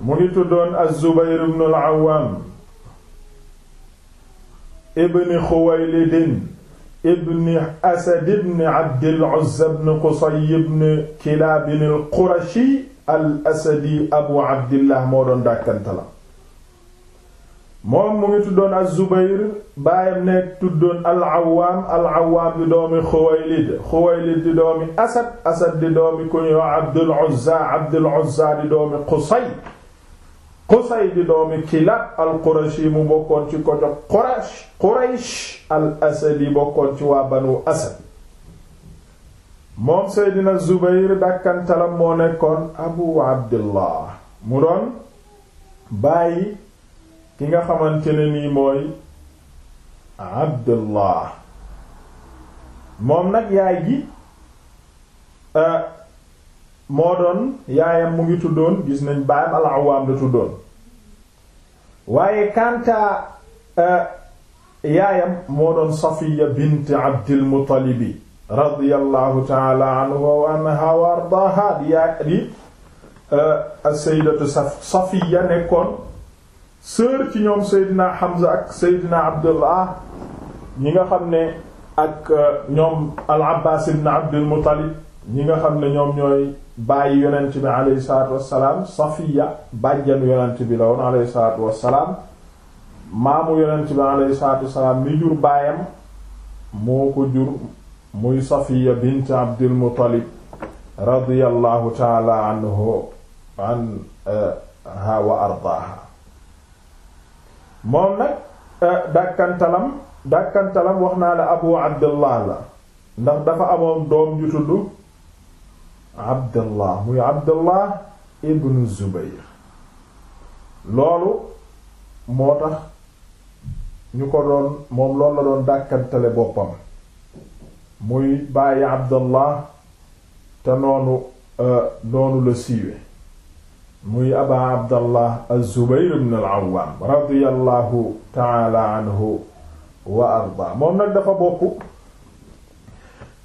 mu ngi tuddoon az-Zubayr al-Awwam ibn Xuwaylid ibn Asad ibn Abd al-Uzza ibn Qusay ibn Kilaab al-Qurashi al-Asadi Abu Abdillah moo doon dàkkante la moom mu ngi tuddoon az baayam nekk tuddoon al-Awwaam al-Awwaam di doomi Xuwaylid Xuwaylid di doomi Asad Asad di doomi ku Abd al-Uzza Abd al-Uzza di doomi Qusay Qusay di doomi Kilaab al-Qurashi mu bokkoon ci ko jox Quraysh Quraysh al-Asadi bokkoon ci waa Banu Asad moom Seydina Zubayr dàkkantalam moo nekkoon Abu Abdillah mu doon bàyyi ki nga xamante nii mooy Abdillah moom nag yaay gi moo doon yaayam mu ngi tuddoon gis nañ baayam al-Awaam la tuddoon waaye kanta euh, yaayam moo doon Safiya bint Abdil Muttalibi ta'ala anha wa anha wa ardaaha di yaa di euh, as-sayyidatu Safiya nekkoon sœur ci ñoom Seydina Hamza ak Seydina Abdullah ñi nga xam ne ak euh, ñoom al-Abbaas ibn Abdil ñi nga xam ne ñoom ñooy bàyyi yonent bi alayhi salaatu wassalaam safiya bàjjan yonent bi la woon alayhi salaatu wassalaam maamu yonent bi alayhi salaatu wassalaam mi jur baayam moo ko jur muy safiya bint abdul muttalib radiyallahu anhu an wa ardaaha moom nag eh, dàkkantalam dàkkantalam wax naa la abu abdullah la ndax dafa amoon doom ju abdallah muy abdallah ibnu zubayr loolu moo tax ñu ko doon moom loolu la doon dàkkantale boppam muy bàyyi abdallah te noonu euh, noonu la siiwe muy aba abdallah az-zubayr ibn al-awwam radiyallahu taala anhu wa arda moom nag dafa bokk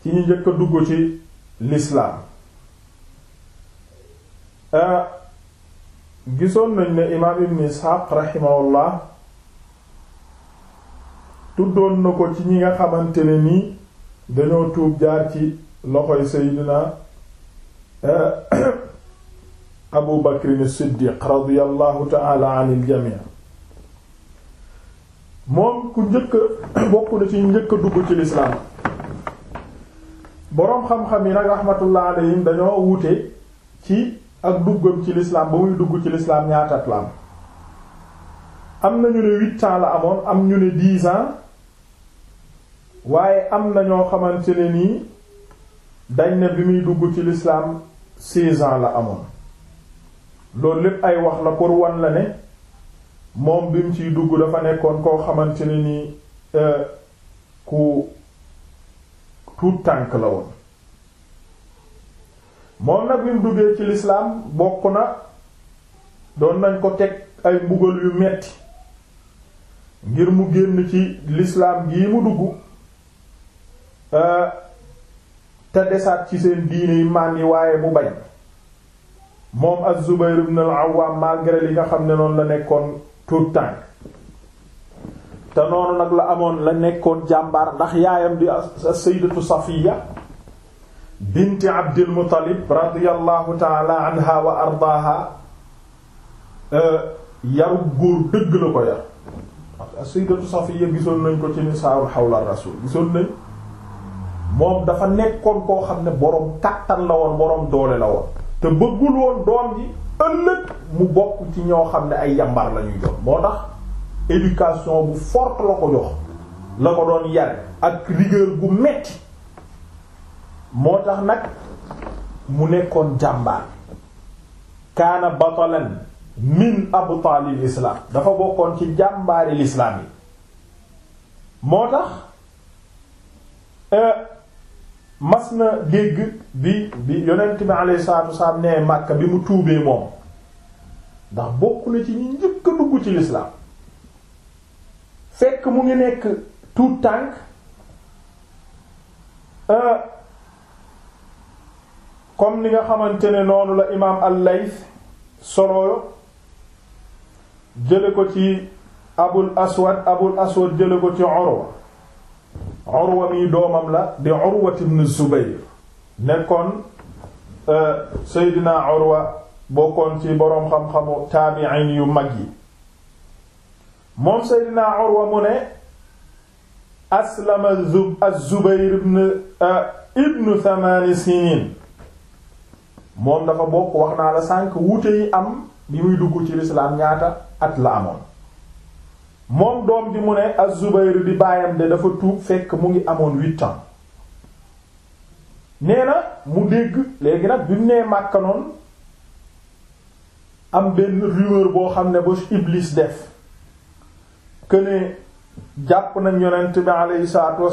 ci ñu njëkk a dugg ci lislaam Euh, gisoon nañ ne imaam ibn isxaaq raximahullah tuddoon na ko ci ñi nga xamante ne nii dañoo tuub jaar ci loxoy seydina euh, abu bakrin siddiq radiallahu taala an il jamii moom ku njëkk bokk na ci njëkk dugg ci lislaam boroom xam-xam yi nag raxmatullah alayhim dañoo wute ci ak duggam ci l'islam ba muy dugg ci l'islam ñaata am am na ñu ne huit la amoon am ñu ne dix waaye am na ñoo xamante ne nii dañ ne bi muy dugg ci l'islam seize ans la amoon loolu lépp ay wax la pour wan la ne moom bi mu ciy dugg dafa nekkoon koo xamante ne nii euh, ku tuut tànk la woon moom nag bi mu duggee ci lislaam bokk na doon nañ ko teg ay mbugal yu metti ngir mu génn ci lislaam gi mu dugg euh, te desaat ci seen diine yi maan waaye mu bañ moom az-Zubayr ibn al-Awwam malgré li nga xam ne noonu la nekkoon tout temps te noonu nag la amoon la nekkoon jàmbaar ndax yaayam di sayyidatu Safiya binti Abdil Muttalib radiyallahu taala anha wa ardaaha euh, yaru góor dëgg la ko yar sayyidatu Safiya gisoon nañ ko ci nisaa'ul hawla rasul gisoon nañ moom dafa nekkoon koo xam ne boroom kàttan la woon boroom doole la woon te bëggul woon doom ji ëllëg mu bokk ci ñoo xam ne ay yambar lañuy ñuy jox moo tax éducation bu forte la ko jox la ko doon yar ak rigueur bu metti moo tax nag mu nekkoon jàmbaar kaana batalan min abtaalil islaam dafa bokkoon ci jàmbaari lislaam yi moo tax euh, mas na dégg bi bi yonent bi alayhi salaatu wasalaam Makka bi mu tuubee moom ndax bokk na ci ñu njëkk a ci lislaam fekk mu ngi nekk tuut tànk euh, comme ni nga xamante ne noonu la imaam al solo jële ko ci abul aswad abul aswad jële ko ci Urwa Urwa mi doomam la di Urwa ibn Zubayr nekkoon euh, Seydina Urwa bokkoon ci boroom xam-xamu taabi'in yu mag yi moom Seydina Urwa mu ne aslama az-Zubayr ibn euh, ibn thamani sinin moom dafa bokk wax naa la sànq wuute yi am bi muy dugg ci ñaata at la amoon moom doom bi mu ne az-Zubayr di baayam de dafa tuub fekk mu ngi amoon huit ans nee na mu dégg léegi nag bi mu nee Màkka am benn rumeur boo xam ne ba Iblis def que ne jàpp nañ yonent bi aleyhi salaatu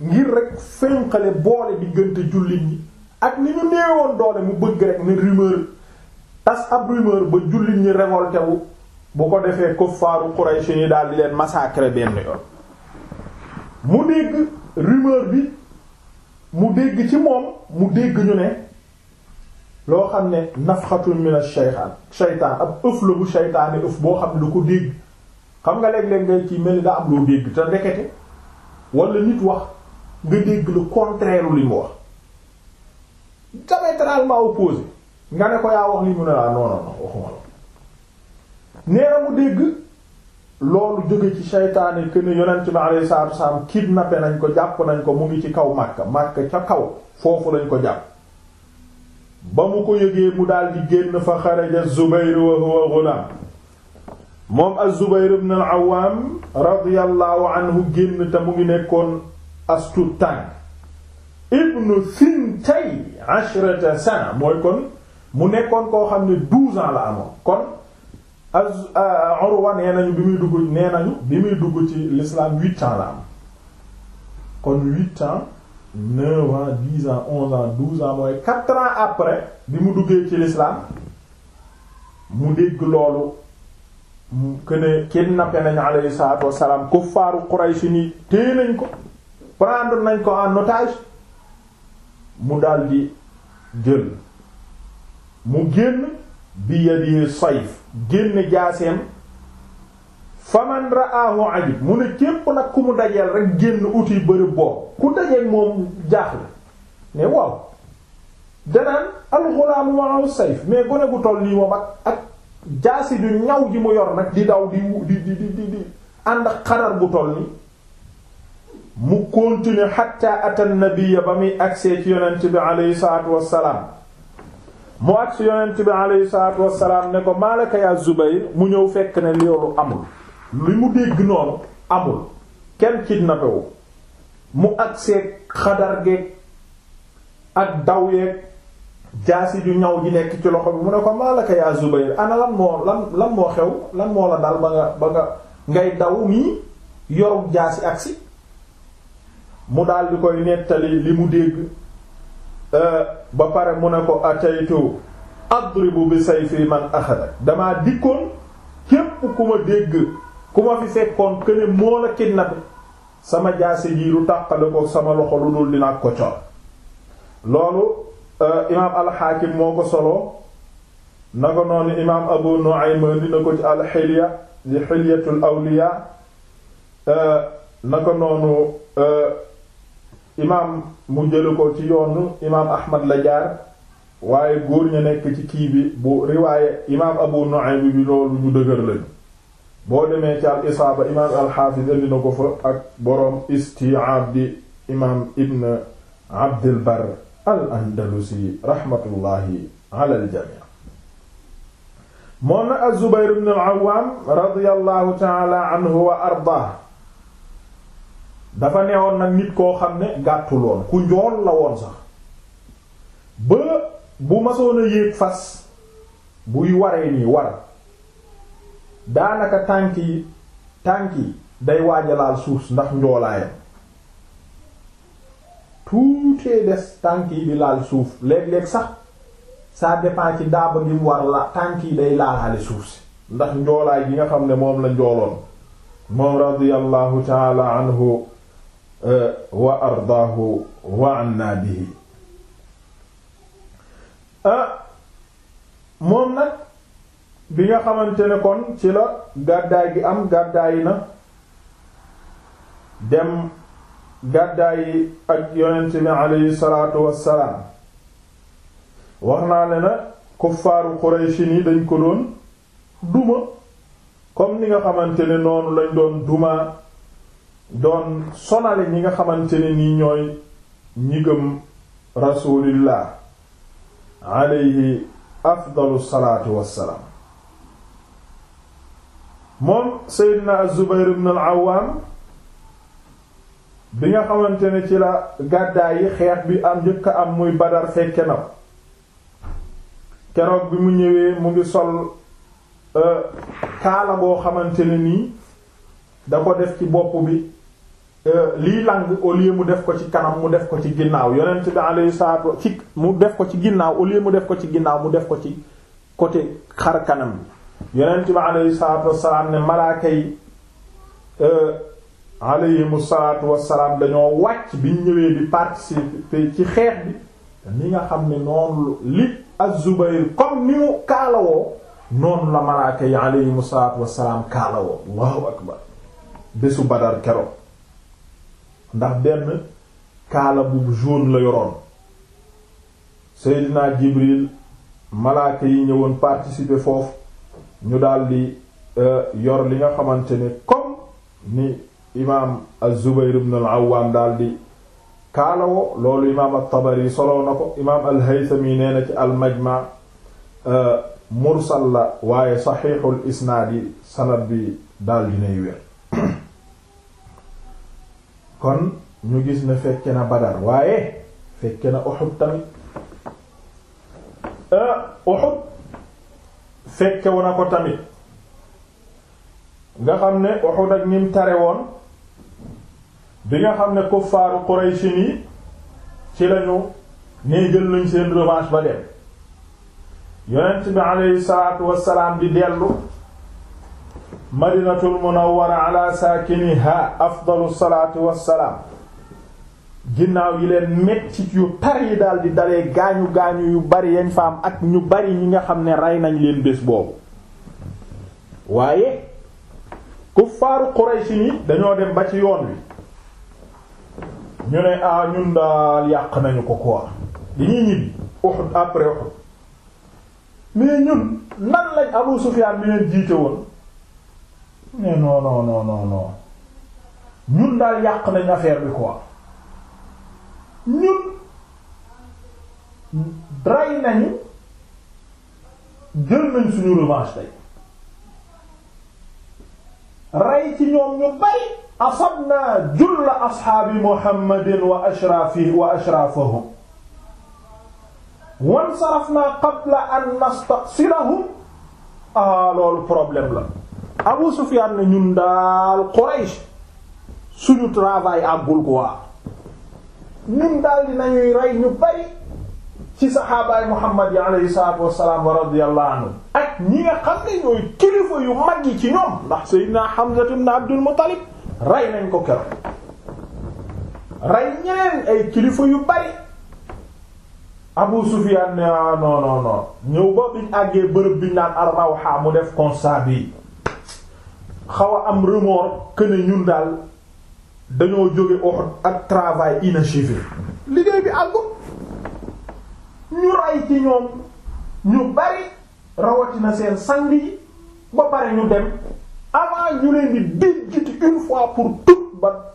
ngir rek fénqale boole diggante jullit ñi ak ni ñu neewoon doole mu bëgg rek ne rumeur tas ab rumeur ba jullit ñi révolté wu bu ko defee kuffaaru Quraysh yi daal di leen massacrer benn yoon mu dégg rumeur bi mu dégg ci moom mu dégg ñu ne loo xam ne nafxatun min ash-shaytan shaytaan ab ëf la bu shaytaani ëf boo xam ne lu ko dégg xam nga léeg-léeg ngay ci mel ni daa am loo dégg te ndekete wala nit wax nga dégg lu contraire li mu wax diamétralement opposé nga ne ko yaa wax li mu ne laa non non non waxuma la nee na mu dégg loolu jóge ci seytaane que ne yonent bi alayhi salaatu wasallam kidnappé nañ ko jàpp nañ ko mu ngi ci kaw Makka Makka ca kaw foofu lañ ko jàpp ba mu ko yëgee mu daal di génn fa xaraja Zubayr wa huwa ghulam moom az-Zubayr ibn al-Awwam radiyallahu anhu génn te mu ngi nekkoon astu tànk ibnu thintay ashrata sana mooy kon mu nekkoon koo xam ne douze ans la amoon kon az euh, Urwa bi muy dugg nee nañu bi muy dugg ci l'islam huit ans la kon huit ans neuf ans douze ans mooy quatre ans après bi mu duggee ci l'islam mu dégg loolu que ne kidnappé nañu alayhi salaatu wassalaam kuffaaru Quraysh ni téye nañ ko prendre nañ ko en otage mu daldi jël mu génn bi yadi sayf génn jaaseem faman raahu ajib mu ne képp nag ku mu dajeel rek génn uti bërëb boobu ku dajeel moom jaaxle mais waaw danaan alxulaamu ma'ahu sayf mais gone gu toll nii moom ak ak jaasi du ñaw ji mu yor nag di daw di di di di di ànd xarar gu toll nii mu continuer xatta ata nabiyya ba muy agsee ci yonent bi aleyhi salaatu wassalaam mu agsi yonent bi aleyhi salaatu wassalaam ne ko maalaka yaa Zubayr mu ñëw fekk ne loolu amul li mu dégg noonu amul kenn kidnappé wu mu agsee xadar ak daw yeeg jaasi ju ñaw ji nekk ci loxo bi mu ne ko maalaka yaa Zubayr ana lan moo lan lan moo xew lan moo la dal ba nga ba nga ngay daw nii yoru jaasi agsi mu daal di koy nettali li mu dégg euh, ba pare mu ne ko ataytu adribu bi sayfi man axadak damaa dikkoon képp ku ma dégg ku ma fi fekkoon këne moo la kidnappé sama jaase ji lu ko sama loxo lu dul dinaa ko cor loolu euh, imaam alxaakim moo ko solo na ko noonu imaam abu nu'aym dina ko ci alxilya di xilyatul awliya euh, na ko noonu imaam mu jële ko ci yoon imaam ahmad la jaar waaye góor ñu nekk ci kii bi bu riwaaye imaam abu nu'aym bi loolu ñu dëgër lañu boo demee ci al isaaba imaam alxaafis indi na ko fa ak boroom isti'aab di imaam ibn abdil bar al andalusi raxmatullaahi ala al jamii moom az-zubayr ibn al awaam radiyallahu taala anhu wa ardaa dafa neewoon nag nit koo xam ne gàttul woon ku njool la woon sax ba bu masoon a yéeg fas buy waree nii war daanaka tànk yi tànk yi day suuf ndax njoolaayam tuutee des tànk yi di laal suuf léeg-léeg sax ça dépend ci daaba gi war la tànk yi day laalaale suuf si ndax njoolaay gi nga xam ne moom la njooloon moom radiyallahu ta'ala anhu Eh, wa ardaahu wa anna bihi eh, moom nag bi nga xamante ne kon ci la gàddaay gi am gàddaayi na dem gàddaayi ak yonent bi aleyhi salaatu wassalaam wax naa ne na kuffaaru Qurayshin yi dañ ko doon duma comme ni nga xamante ne noonu lañ doon duma doon sonale ñi nga xamante ne nii ñooy ñi gëm rasulillah alayhi afdalu salaatu wassalaam moom Seydina Zubayr ibn al-Awwam bi nga xamante ne ci la gàddaay yi xeex bi am njëkk am muy Badar fekke na ko keroog bi mu ñëwee mu ngi sol euh, kaala boo xamante ne nii da ko def ci bopp bi Euh, lii lang au lieu mu def ko ci kanam mu def ko ci ginnaaw yonent bi alayhi salaatu ci mu def ko ci ginnaaw au lieu mu def ko ci ginnaaw mu def ko ci côté xar kanam bi yonent bi alayhi salaatu wassalaam ne malaaka yi euh, alayhimu salaatu wassalaam dañoo wàcc bi ñëwee di participer ci xeex bi ni nga xam ne noonu li az-Zubayr comme ni mu kaalawoo noonu la malaaka yi alayhimu salaatu wassalaam kaalawoo allahu akbar bésu Badar keroog ndax benn kaala bu jaune la yoroon Seydina Jibril malaaka yi ñëwoon participer foofu ñu daldi euh, yor li nga xamante ne comme ni imaam Az-Zubayr ibn al-Awwam daldi kaalawoo loolu imaam at-Tabari soloo na ko imaam al-Haythami nee ci al-Majma' euh, mursal la waaye saxiixul isnaad yi sanad bi daldi nay wér kon ñu gis ne fekke na Badar waaye fekke na Uhud tamit euh, Uhud fekke wu na ko tamit nga xam ne Uhud ak nim tare woon bi nga xam ne kuffaaru Quraysh yi ci lañu nee jël nañ seen revanche ba dem yonent bi alayhi salaatu wassalaam di dellu madinatul munawwara ala saakiniha afdalu salaatu wassalaam ginnaaw yi leen mettit yu tar yi daal di dalee gaañu gaañu yu bari yañ fa ak ñu bari ñi nga xam ne ray nañ leen bés boobu waaye kuffaaru Quraysh ni dañoo dem ba ci yoon wi ñu ne ah ñun daal yàq nañu ko quoi dañuy ñibbi Uhud après Uhud mais ñun nan lañ Abu Sufyaan mi leen jiite woon mais non non non non non ñun daal yàq nañ affaire bi quoi ñun ray nañu jël nañ suñu revanche tey ray ci ñoom ñu bari asabna julla asxaabi muhammadin wa ashrafi wa ashrafahum wansarafna qabla an nastasirahum a ah, loolu problème la Abu Sufyan na ñun daal Quraysh suñu travail àggul quoi ñun daal dinañuy rey ñu bari ci saxaabaay Muhammad yi alayhi salaatu wassalaam wa radiyallahu anhu ak ñi nga xam ne ñooy kilifa yu mag yi ci ñoom ndax Seydina Hamza ibn Abdul Muttalib rey nañ ko keroog rey ñeneen ay kilifa yu bari Abu Sufyan ne ah, non non non ñëw ba bërëb biñ naan ar-Rawha mu def constat bi xaw a am remords que ne ñun daal dañoo jóge Uhud ak travail inachevé liggéey bi àggul ñu ray ci ñoom ñu bari rawatina seen sang yi ba pare ñu dem avant ñu leen di déjjiti une fois pour toutes ba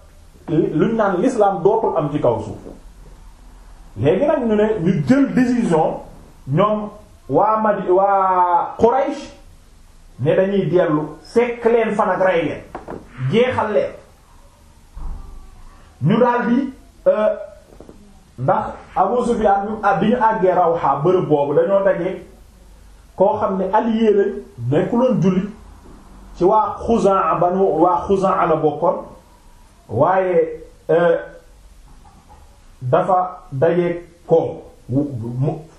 luñ naan l'islam dootul am ci kaw suuf léegi nag ñu ne ñu jël décision ñoom waa Madi waa Quraysh ne dañuy dellu fekk leen fan ak rey leen jeexal leen ñu daldi euh, ndax Abu Sufyan bi ñu àggee Rawha bërëb boobu dañoo dajee koo xam ne allié la nekkuloon jullit ci waa Xuzaa banu waa Xuzaa la bokkoon waaye euh, dafa dajee ko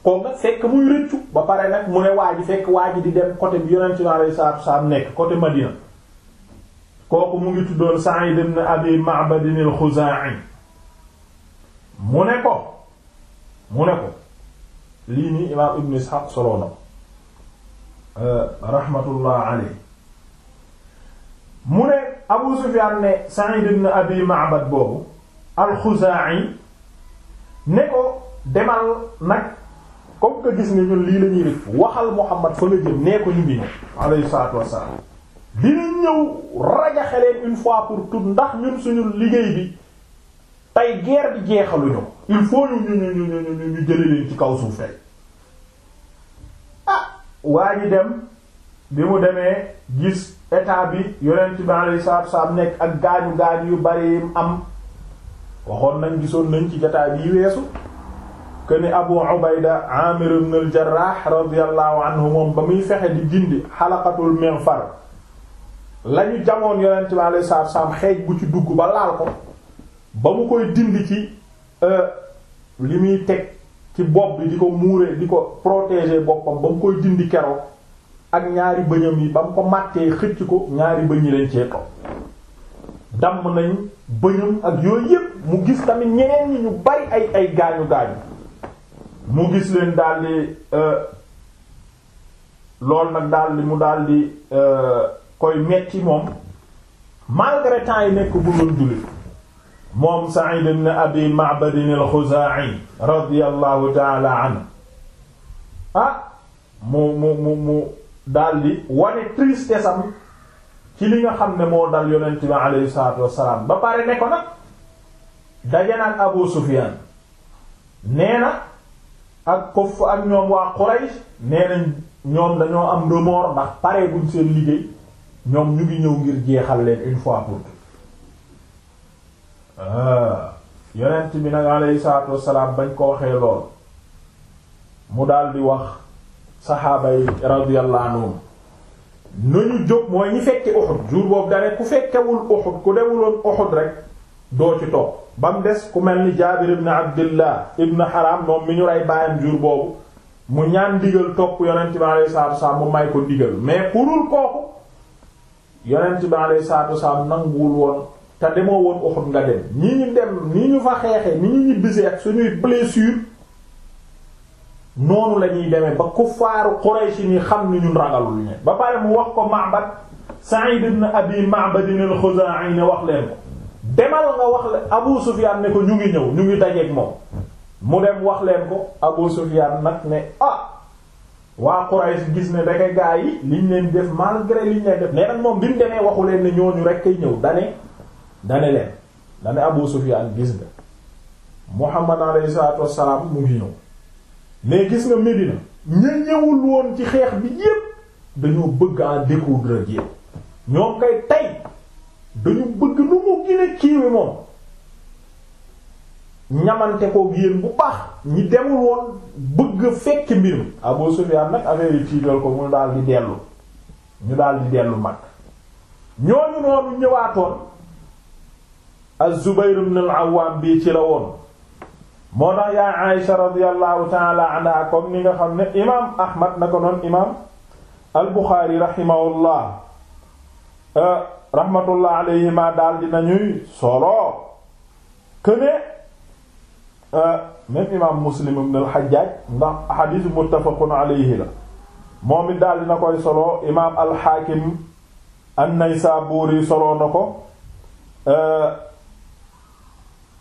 kon nag fekk muy rëccu ba pare nag mu ne waa fekk waa di dem côté bi yonent bi alayhi salaatu wasalaam nekk côté Madina kooku mu ngi tuddoon Sa'id ibn Abi Ma'bad al-Khuzaa'i mu ne ko mu ne ko lii nii Ibn Ishaq solo na euh, rahmatullah alayhi mu ne Abu Sufyaan ne Sa'id ibn Abi Ma'bad boobu al-Khuzaa'i ne ko demal nag comme que gis nga ñun lii la ñuy rëcc waxal Muhammad fa nga jëm nee ko ñu ngi ñëw alayhi salaatu wassalaam dinañ ñëw rajaxe une fois pour toutes ndax ñun suñu liggéey bi tey guerre bi jeexaluñu il faut ñu ñu ñu ñu ñu jëlee leen ci kaw suuf tey ah waa dem bi mu demee gis état bi yonent bi alayhi salaatu wassalaam nekk ak gaañu gaañu yu bari am waxoon nañ gisoon nañ ci jotaay bi weesu. que ni Abu Ubayda Amir ibn al-Jarrah radiyallahu moom ba muy fexe di dindi xalaqatul mighfar la ñu jamoon yonent bi alayhi salaatu xeej gu ci dugg ba laal ko ba mu koy dindi ci euh, li muy teg ci bopp bi di ko muuree di ko protéger boppam ba mu koy dindi keroog ak ñaari bëñam yi ba mu ko màttee xëcc ko ñaari bëñ yi leen cee toog damm nañ bëñam ak yooyu yépp mu gis tamit ñeneen ñi ñu bari ay ay gaañu gaañu. mu gis leen daldi euh, lool nag daldi mu daldi euh, koy metti moom malgré temps yi nekk guloon moom Sa'id ibn Abi Ma'bad al-Khuzaa'i ta'ala anhu ah, mu mu mu mu daldi wane tristesse am ci li nga xam ne moo dal yonent bi alayhi salaatu wassalaam ba pare ne ko nag daje Abu Sufyaan nee na ak kof ak ñoom waa Quraysh nee nañ ñoom dañoo am remords ndax pare buñ seen liggéey ñoom ñu ngi ñëw ngir jeexal leen une pour toutes ah, yonent bi nag alayhi salaatu wassalaam bañ ko waxee lool mu daldi wax saxaaba yi radiyallahu anhum nañu jóg mooy ñi fekke Uhud jour boobu dane ku fekkewul Uhud ku demuloon Uhud rek doo ci topp ba mu des ku mel ni jaabir ibn abdillah ibn haram moom mi ñu rey baayam jur boobu mu ñaan digal topp yonent bi alayhi salaatu wasalaam mu may ko digal mais kurul kooku yonent bi alayhi salaatu wasalaam nanguwul woon te demoo woon Uhud nga dem ñi ñu dem ni ñu fa xeexee ni ñu ñibbisee ak suñuy blessure noonu la ñuy demee ba kuffaaru Quraysh ni xam ni ñun ragalul ne ba pare mu wax ko Ma'bad Sa'id ibn Abi Ma'bad al-Khuzaa'i ne wax leen ko demal nga wax la Abu Sufyan ne ko ñu ngi ñëw ñu ngi dajeeg moom mu dem wax leen ko Abu Sufyan nag ne ah waa Quraysh gis ne da ngay gaa yi liñ leen def malgré liñ leen def moom bi mu waxu leen ne ñooñu rek kay ñëw dane dane leen dane Abu Sufyan gis nga Muhammad alayhi salaatu wassalaam mu ngi ñëw mais gis nga Medina ña ñëwul woon ci xeex bi yépp dañoo bëgg en découdre ak ñoom kay tey dañu bëgg lu mu gën a kiiwe moom ñamante ko yéen bu baax ñi demul woon bëgg fekk mbir mi Abu Sufyaan nag affaire yi ko mu daal di dellu ñu daal di dellu mag ñooñu noonu ñëwaatoon az-Zubayr al-Awwam bii ci la woon moo tax yaa Aïsha radiyallahu ta'ala anha ni nga xam ne imaam Ahmad na ko noon imaam al-Bukhari rahimahullah euh, rahmatullah alayhima daal dina ñuy solo këne euh, même imaam muslim ibn al-Hajjaj ndax xadiis muttafaqun alayhi la moom it daal dina koy solo imaam al-Hakim an-Naysaburi solo na ko euh,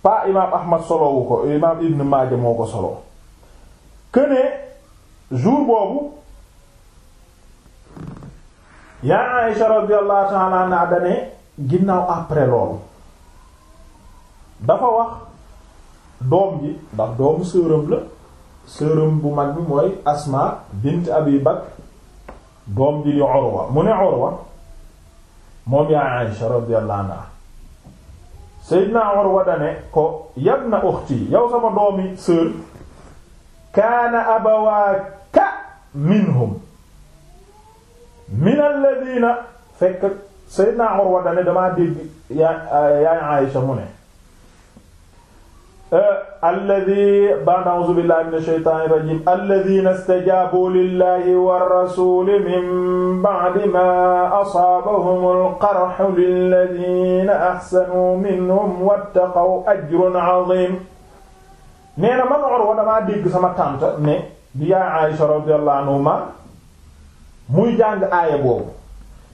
pa imaam Ahmad solowu ko imaam Ibn Maaja moo ko solo këne jour boobu yaa Aïsha radiyallahu ta'ala anha dane ginnaaw après loolu dafa wax doom ji ndax doomu sërëm la sërëm bu mag bi mooy Asma bint Abi Bakr doom ji li Urwa mu ne Urwa moom yaa Aïsha radiyallahu anha Seydina Urwa dane ko yabna ukhti yow sama doomi sër kaana abawaaka minhum min alladina fekk Seydina Urwa dane damaa dégg euh, yaay yaay Aïsha mu ne euh, alladi ba'da a'uuzu billahi mina shaytaani rajiim alladina stajaabu lillahi wa rasuuli min ba'di maa asaabahumul qarhu lilladina ahsanu minhum wattaqaw ajrun aziim nee na man Urwa damaa dégg sama tante ne di yaay Aïsha radiyallahu anha muy jàng aaya boobu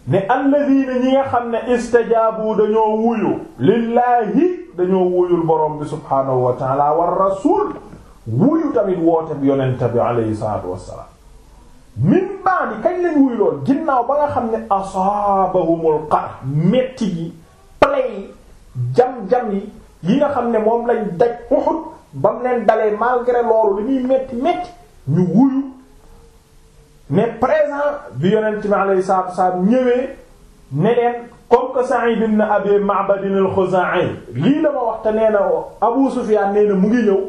ne alladina ñi nga xam ne istajaabu dañoo wuyu lillaahi dañoo wuyul borom bi subhaanahu wa taala war rasul wuyu tamit woote bi yonente bi aleyhi salatu wassalaam min baadi kañ lañ wuyu lool ginnaaw ba nga xam ne asaabahumul qar metti yi play jam-jam yi yi nga xam ne moom lañ daj Uhud bam leen dalee malgré loolu li metti metti ñu wuyu mais présent bi yonent bi alayhi salaatu wasallam ñëwee ne leen comme que Sa'id ibn Abi Ma'bad al-Khuza'i lii la ma wax nee na Abu Sufyan nee na mu ngi ñëw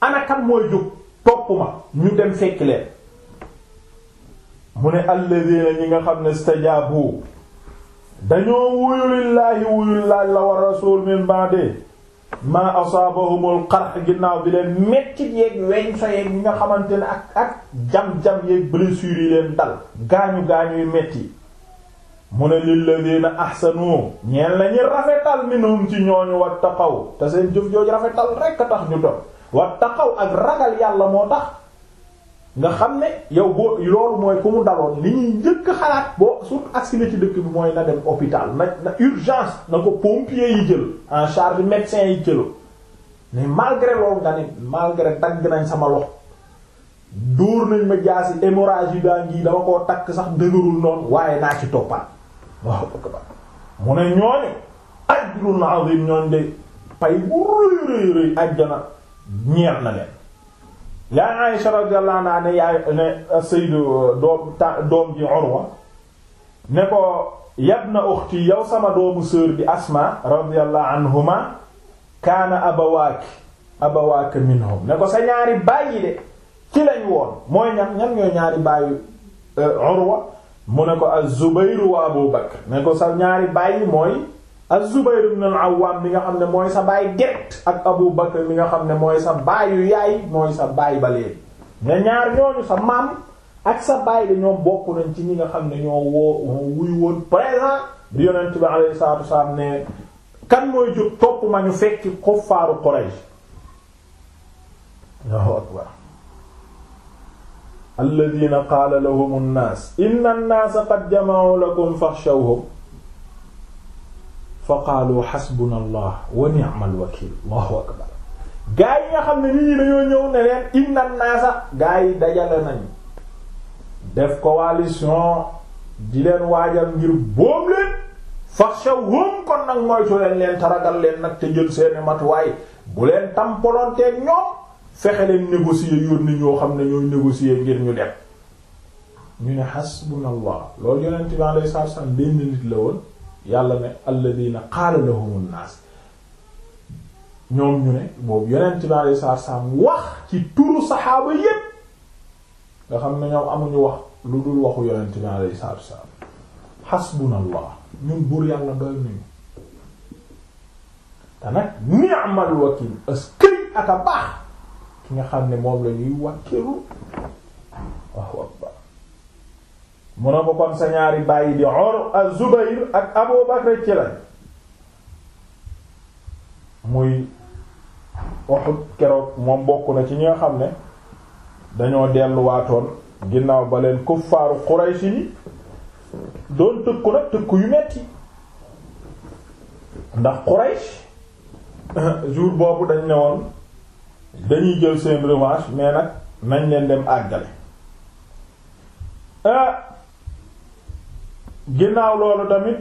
ana kan mooy jóg topp ma ñu dem fekk leen mu ne alladheena ñi nga xam ne istajabu dañoo wuyu lillaahi wuyu lillaahi la wa rasul min ba'di maa asaabahumul qarh ginnaaw bi leen mettit yeeg weñ sa yeeg ñi nga xamante ne ak ak jam-jam yeeg blessures yi leen dal gaañu gaañuy metti mu ne lilladina ahsanu ñeen la ñi rafetal minhum ci ñooñu wattaqaw te seen jëf jooju rafetal rekk a tax ñu to wattaqaw ak ragal yàlla moo tax nga xam ne yow boo loolu mooy ku mu daloon li ñuy njëkk xalaat boo surtout accident ci dëkk bi mooy na dem hôpital na na urgence na ko pompier yi jël en charge médecin yi jëlu mais malgré loolu nga ne malgré dagg nañ sama lox dóor nañ ma jaasi hémorragie yi daa gii dama koo takk sax dëgërul noon waaye naa ci toppaat waaw mu ne ñooñu ajrun azim ñooñ de pay bu rëy rëy ñeer na leen yaa Aisha radiyallahu anha ne yaay ne sayyidu euh, doom ta doom ji Urwa ne ko yabna ukhti yow sama doomu sœur bi Asma radiyallahu anhuma kaana abawaaki abawaaki minhum ne ko sa ñaari baay yi de ci lañ woon mooy ñam ñam ñooy ñaari baayu euh, Urwa mu ne ko az-Zubayr wa Abu Bakr ne ko sa ñaari baay yi mooy az-Zubayr ibn al-Awwam mi nga xam ne mooy sa baay direct ak Abu Bakr mi nga xam ne mooy sa baayu yaay mooy sa baay ba léegi nga ñaar ñooñu sa maam ak sa baay dañoo bokk nañ ci ñi nga xam ne ñoo wuy woon présent bi yonent bi alayhi salaatu wasallam ne kan mooy jóg topp ma ñu fekki kuffaaru Quraysh Allahu akbar alladhina qaala lahum an-naas inna an-naasa qad jama'u lakum fakhshawhum fa qaalu xasbuna allah wa ni'mal wakiil allahu akbar gaa yi nga xam ne nit ñi dañoo ñëw ne leen inna naasa gaa yi dajale nañu def coalition di leen waajal ngir boobu leen faxshawhum kon nag moytu leen leen taragal leen nag te jël seeni matuwaay bu leen tampolonteeg ñoom fexe leen négocier yónni ñoo xam ne ñooy négocier ngir ñu dem ñu ne xasbuna allah loolu yonent bi alayhi salaam benn nit la woon yàlla ne alladina qaala lahumun naas ñoom ñu ne boobu yonent bi alei saatu salaam wax ci turu saxaaba yépp nga xam ne ñoom amuñu wax lu dul waxu yonent bi alei saatu salaam xasbunallah ñun buur yàlla doy nañu te nag ni'mal wakiil askay ak a baax ki nga xam ne moom la ñuy wàkkeelu waaw mu ne ko kon sa ñaari bàyyi di Urwa ak Zubayr ak Abu Bakr ci muy Uhud keroog moom bokk na ci ñi nga xam ne dañoo delluwaatoon ginnaaw ba leen kuffaaru Quraysh yi doon tëkku nag tëkku yu metti ndax Quraysh jour boobu dañ ne woon dañuy jël seen revanche mais nag nañ leen dem àggale ah, ginnaaw loolu tamit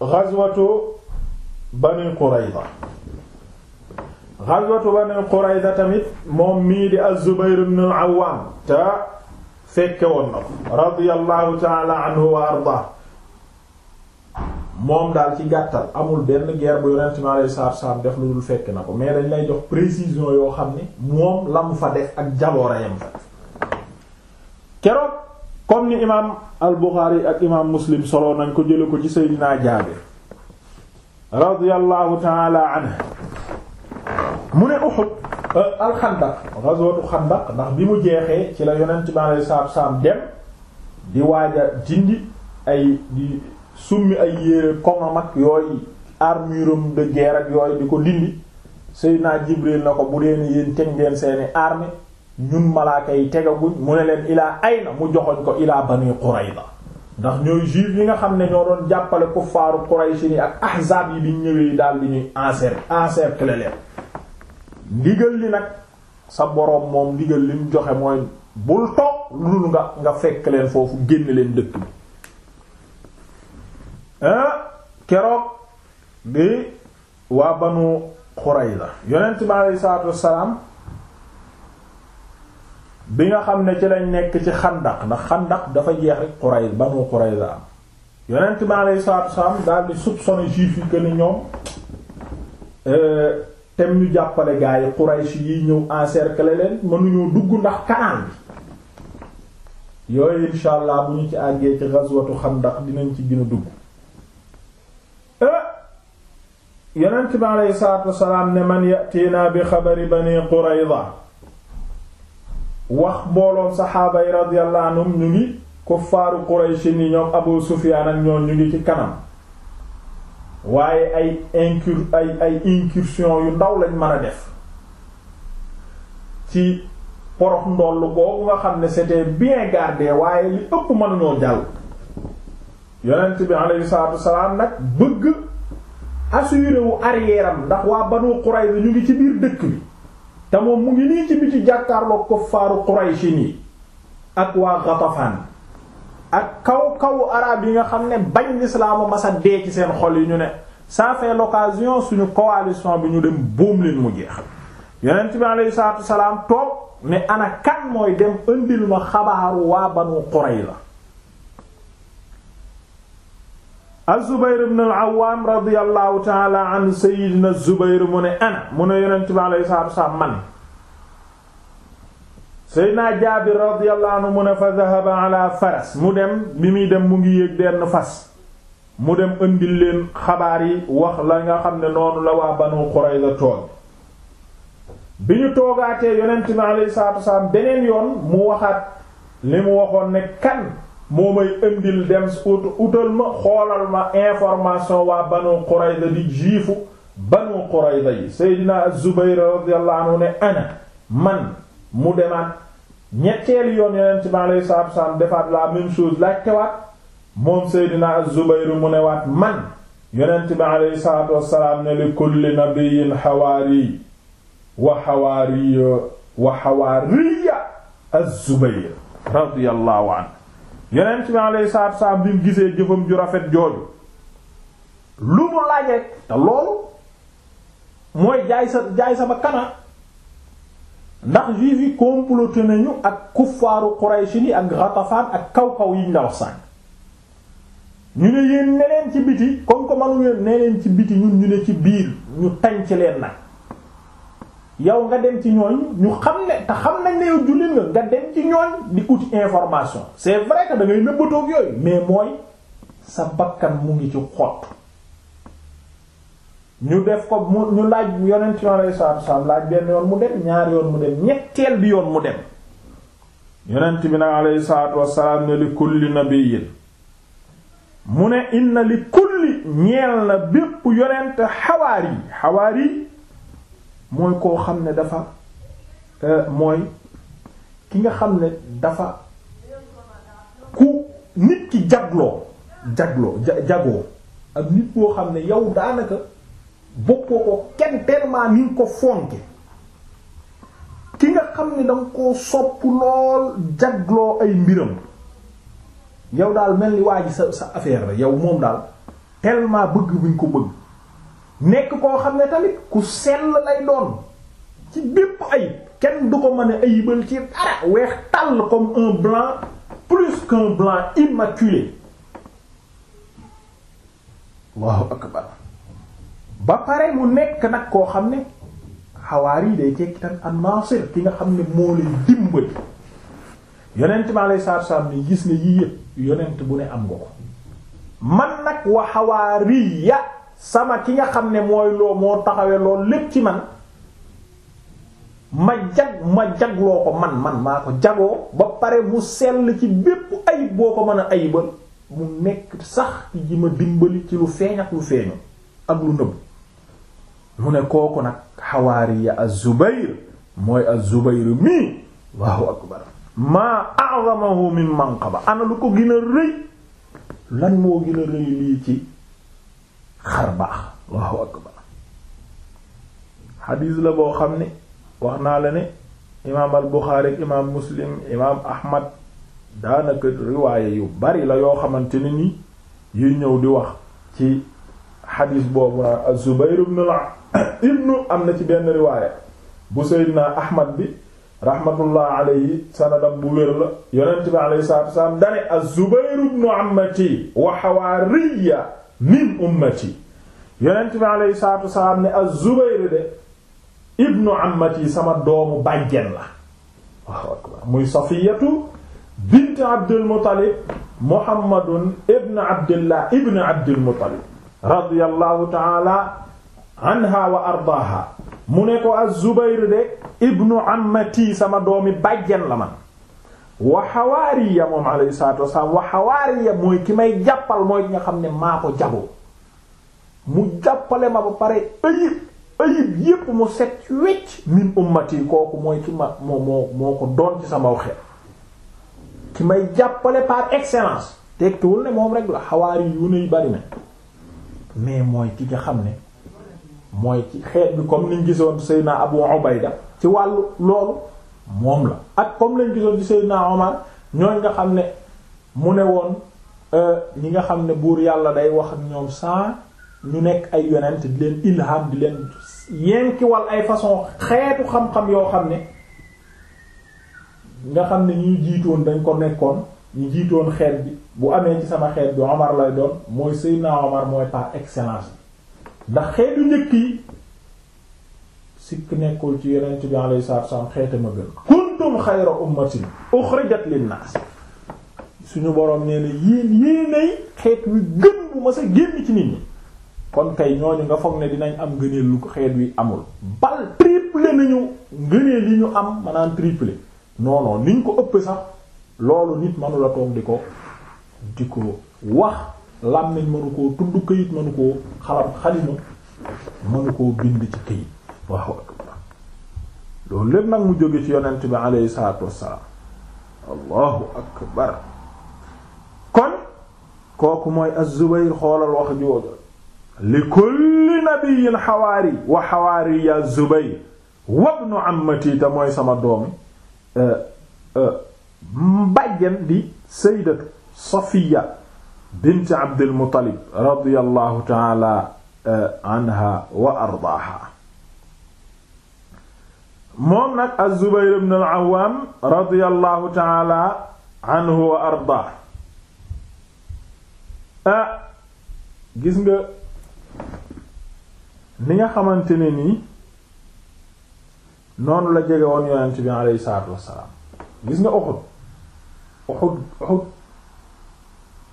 ghazwatu bani qurayza ghazwatu bani qurayza tamit moom mii di az-zubayr ibn al-awwam te fekke woon na ko radiyallahu ta'ala anhu wa arda moom daal ci gàttal amul benn guerre bu yonent mi alayhi salaatu salaam def lu dul fekk na ko mais dañ lay jox précision yoo xam ne moom la mu fa def ak jaloore yam fa comme ni imaam al-Bukhari ak imaam Muslim solo nañ ko jële ko ci Seydina Jaabir radiyallahu ta'ala anhu mu ne Uhud euh, al-Xandaq Xandaq ndax bi mu jeexee ci la yonent bi alayhi salaatu salaam dem di waaj a dindi ay di summi ay yére komam ak yooyu armure de ak yooyu di ko dindi Seydina Jibril na ko bu dee ni yéen teg ngeen seeni armée ñun malaaka yi tegaguñ mu ne leen ilaa ayna mu joxoñ ko ilaa bani Qurayza ndax ñooy juif yi nga xam ne ñoo doon jàppale kuffaaru Quraysh ni ak ahzaab yi bi ñëwee daal di ñuy encercler encercler leen ndigal li nag sa boroom moom ndigal li mu joxe mooy bul toog lu dul nga nga fekk leen foofu génn leen dëkk bi eh, keroog bi waa banu Qurayza yonent bi aleyhi salaatu wassalaam bi nga xam ne ci lañ nekk ci xandak ndax xandak dafa jeex rek Qurayza Banu Qurayza am yonent bi alayhi salaatu salaam daal di soupçonner juif yi que ni ñoom euh, tem ñu jàppale gaa yi Quraysh yi ñëw encercler leen mënuñoo dugg ndax kanaan bi yooyu insha allah bu ñu ci àggee ci ghazwatu xandak dinañ ci gën a dugg euh, yonent bi alayhi salaam ne man yatiinaa bi xabari Bani Qurayza wax mbooloom saxaaba yi radiyallahu ñu ngi kuffaaru Qurayshi ni ñoom Abu Sufyaan ak ñoom ñu ngi ci kanam waaye ay incur ay incursion yu ndaw lañ mën a def ci porox ndoll boobu nga xam ne c'était bien gardé waaye li ëpp mënuñoo jàll yonent bi alayhi salaatu wasalaam nag bëgg assuré wu arrière ndax waa Banu Qurayza ñu ngi ci biir dëkk bi te moom mu ngi nii ci biti jàkkaarloo kuffaaru Quraysin yi ak waa Ghatafan ak kaw kaw arab yi nga xam ne bañ lislaamu masa dee ci seen xol yi ñu ne ça fait l'occasion suñu coalition bi ñu dem boom leen mu jeexal yonent bi aleyhi salaam toog ne ana kan mooy dem indil ma xabaaru waa Banu Qurayza la az-Zubayr ibn al-Awwam radiyallahu ta'ala an sayyidina Zubayr mu ne ana mu ne yonent bi alayhi salaatu wassalaam man Jaabir radiyallahu mu ne fa dhahaba ala faras mu dem bi muy dem mu ngi yéeg benn fas mu dem indil leen xabaar yi wax la nga xam ne noonu la waa Banu Qurayza tool bi ñu toogaatee yonent bi alayhi salaatu wassalaam beneen yoon mu waxaat li mu waxoon ne kan moo may indil dem utal ma xoolal ma information waa banu Qurayza di jiifu banu Qurayza yi Seydina Az-Zubayr radiyallahu ne ana man mu demaat ñetteelu yoon yonent bi alayhi salaatu wassalaam defaat la même chose laaj moom Seydina Az-Zubayr mu ne waat man yonent alayhi salaatu wassalaam ne li kulli nabiyyin xawaari wa xawaariya Az-Zubayr radiyallahu anhu yeneen bi alayhi salaatu wa salaam bi mu gisee jëfam ju rafet jooju lu mu laaj rek te loolu mooy jaay sa jaay sama kana ndax juif yi comploté nañu ak kuffaaru Quraysh ak Ghatafan ak kaw-kaw yiñ la wax sànq ñu ne yéen ne leen ci biti comme que mënuñu ne leen ci biti ñun ñu ne ci biir ñu ci leen nag yow nga dem ci ñooñ ñu xam ne te xam nañ ne yow jullit nga nga dem ci ñooñ di uti information c'est vrai que da yooyu mais mooy sa bakkan mu ngi ci xott ñu def ko mu ñu laaj yonent yoon alei salatu laaj benn yoon mu dem ñaari yoon mu bi yoon mu dem yonent bi nag aleyhi salatu wasalaam ne li kulli nabiyyin mu ne inna li kulli ñeel na bépp yonent xawaar yi mooy koo xam ne dafa euh, mooy ki nga xam ne dafa ku nit ki jagloo jagloo jagoo ak nit koo xam ne yow daanaka bokkoo ko kenn tellement ni nga ko fonke ki nga xam ne danga koo sopp lool jagloo ay mbiram yow daal mel ni waa sa sa affaire la yow moom daal tellement bëgg buñ ko bëgg nekk koo xam ne tamit ku sell lay doon ci bépp ayib kenn du ko mën a ayibal ci dara weex tàll comme un blanc plus qu'un blanc immaculé Allahu akbar ba pare mu nekk nag koo xam ne xawaar yi day tekki tam an-Nasir ki nga xam ne moo lay dimbali yonent bi alayhi salaatu salaam ni gis ne yii yëpp yonent bu ne am nga ko man nag wa xawaariya sama ki nga xam ne mooy loo moo taxawee loolu lépp ci man ma jag ma jagloo ko man man maa ko jagoo ba pare mu sell ci bépp ayib boo ko mën a ayibal mu nekk sax ci ji ma dimbali ci lu feeñ ak lu feeñu ak lu nëbb mu ne kooku nag xawaari ya az mooy az mii waaw akbar maa a'zamahu min manqaba ana lu ko gën a rëy lan moo gën rëy lii ci xar baax Allahu akbar xadiis la boo xam ne wax naa la ne imaam al Buxaari ak imaam Muslim imaam Ahmad daanaka riwaaye yu bari la yoo xamante ni ni yu ñëw di wax ci xadiis boobu naa az-Zubayr ibn ibnu am na ci benn riwaaye bu Seydina Ahmad bi rahmatullah alayhi sanadam bu wér la yonent bi alayhi salaatu wa salaam dane zubayr ibn ammati wa hawaariya min ummati yonent bi alayhi salaatu wasalaam ne az-Zubayr de ibnu ammati sama doomu bàjjen la waaw akbar muy Safiyatu bint Abdul Muttalib Muhammadun ibn Abdillah ibn Abdul Muttalib radiyallahu ta'ala anha wa ardaaha mu ne ko az-Zubayr de ibnu ammati sama doomi bàjjen la man wa xawaariya moom alayhi salaatu wasalaam wa xawaariya mooy ki may jàppal mooy ki nga xam ne maa ko jaboo mu jàppale ma ba pare ayib ayib yépp mu set wecc min ummati kooku mooy ki ma moo moo ko doon ci sama xel ki may jàppale par excellence tekkiwul ne moom rek la xawaari yu ne bari na mais mooy ki nga xam ne mooy ci xeet bi comme niñ gisoon Seydina Abu Ubayda ci wàllu loolu moom la ak comme lañ gisoon ci Seydina Omar ñooñ nga xam ne mu ne woon euh, ñi nga xam ne buur yàlla day wax ak ñoom sans ñu nekk ay yonent di leen ilham di leen yenkiwal ay façon xeetu xam-xam yoo xam ne nga xam ne ñuy jiitoon dañ ko nekkoon ñu jiitoon xeet bi bu amee ci sama xeet bi Omar lay doon mooy Seydina Omar mooy par excellence bi ndax xeetu njëkk yi sikk nekkul ci yonent bi alayhi salaatu wa salaam xeete ma gën kuntum xayra ummatin uxrijat linnaas suñu boroom nee na yéen yéenay xeet wi gën bu ma sa génn ci nit ñi kon kay ñooñu nga foog ne dinañ am ngëneel lu xeet wi amul bal triplé nañu ngëneel yi ñu am maanaam triplé non non niñ ko ëpp sax loolu nit mënu la toog di ko di ko wax làmmiñ mënu koo tudd këyit mënu ko xalam xalima mënu koo bind ci këyit Allahu akbar loolu lépp nag mu jóge ci yonent bi aleyhi salaatu wassalaam Allahu akbar kon kooku mooy az-Zubayr xoolal wax jooju li kulli nabiyyin xawaari wa xawaari ya Zubayr wabnu ammati te mooy sama doomi mbàjjan eh, eh, di sayyidatu Safiya bint Abdul Muttalib radiyallahu ta'ala eh, anha wa ardaaha moom nag az-Zubayr ibn al-Awwam radiyallahu ta'ala anhu wa ardaa ah, gis nga ni nga xamante ni nii noonu la jege woon yonent bi alayhi salaatu wassalaam gis nga Uhud Uhud Uhud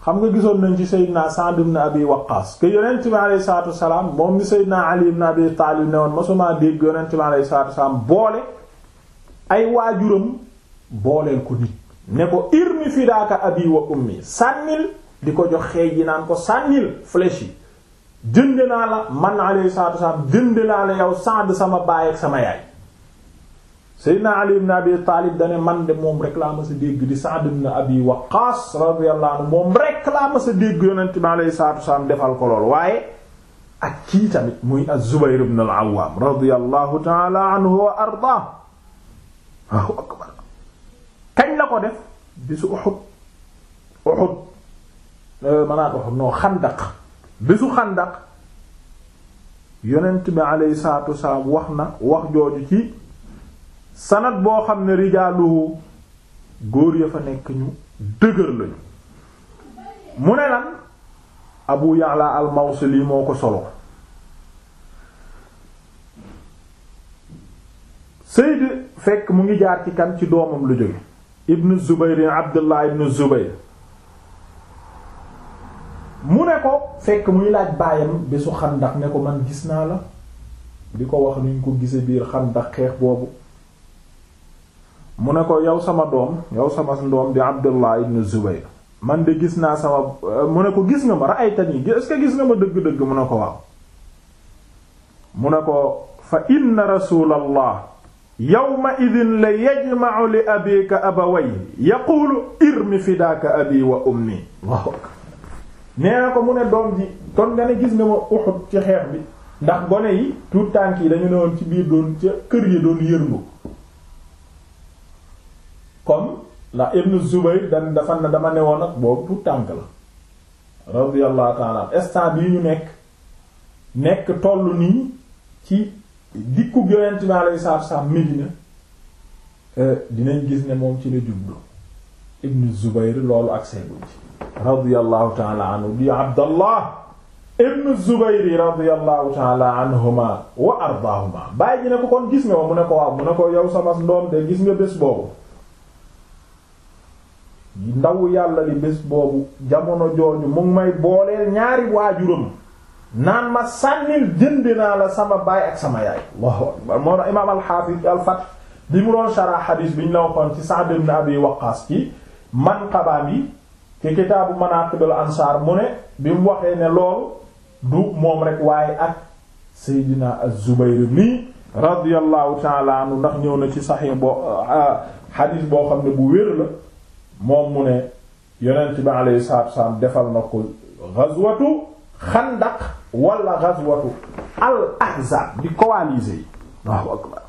xam nga gisoon nañ ci naa Seydina Sa'd ibn Abi Waqqas que yonent bi alayhi salaatu salaam moom ni Seydina Ali ibn Abi Taalib ne woon masumaa dégg yonent bi alayhi salaatu wasalaam boole ay waajuram booleel ko nit ne ko irmi fidaaka abi wa ummi sànnil di ko jox xeej yi naan ko sànnil flèche yi jënd naa la man alayhi salaatu wasalaam jënd naa la yow Sa'd sama baay ak sama yaay Seydina Ali ibn Abi Taalib dane man de moom rek laa mas a dégg di Sa'd ibn Abi Waqqaas radiyallahu anhu moom rek laa mas a dégg yonent bi alayhi salaatu wasalaam defal ko lool waaye ak kii tamit muy Az-Zubayr ibn al-Awwaam radiyallahu ta'ala anhu wa ardaa waaw akbar kañ la ko def bisu Uhud Uhud euh, maanaam Uhud noo Xandaq bisu Xandaq yonent bi alayhi salaatu wasalaam wax na wax jooju ci sanad boo xam ne rijaaluhu góor ya fa nekk ñu dëgër lañu mu ne lan abu ya'la al moo ko solo Sayd fekk mu ngi jaar ci kan ci doomam lu jóge ibnu zubayr abdullah ibnu zubayr mu ne ko fekk muy laaj baayam bésu xandax ne ko man gis naa la di ko wax nuñ ko gise biir xam ndax xeex boobu mu ne ko yow sama doom yow sama doom di Abdullah ibn Zubayr man de gis naa sama mu ne ko gis nga ma ra'aytani est-ce que gis nga ma dëgg-dëgg mu ne ko waaw mu ne ko fa inna rasulallah yawma idin la yajma'u li abika abaway yaqulu irmi fidaaka abi wa ummi nee na ko mu ne doom ji kon nga ne gis nga ma Uhud ci xeex bi ndax gone yi tout tànk yi dañu ne woon ci biir doon ca kër yi doon yërngu comme ndax Ibn Zubayr dafa ne dama newoon ak boobu tout tànk la radiyallahu ta'ala instant bii ñu nekk nekk tollu nii ci dikku yonent bi alayhi salaatu wassalaam Medina euh, dinañ gis ne moom ci la jublu Ibn Zubayr loolu ak seegul ci radiyallahu ta'ala anhu di Abdallah ibn zubayri radiallahu taala anhuma wa ardaahuma bàyyi ji ko kon gis nga ma mu ne ko waaw mu ne ko yow sama doom de gis nga bés boobu ndaw yàlla li bés boobu jamono jooju mu ngi may booleel ñaari waajuram naan ma sànnil jën naa la sama baay ak sama yaay Allahu akbar imaam al-Hafiz bi mu doon shara xadiis bi ñu la waxoon ci Sa'd ibn Abi Waqqas ci manqabaam yi ci kitaabu Manaqibul Ansaar mu ne bi mu waxee ne loolu du moom rek waaye ak Seydina Az-Zubayr nii radiyallahu ta'ala ndax ñëw na ci saxiix boo xadiis ah, boo xam ne bu wér la moom mu ne yonent bi alayhi salaatu wassalaam defal na ko ghazwatu xandaq wala ghazwatu al di coalisé yi waaw akbar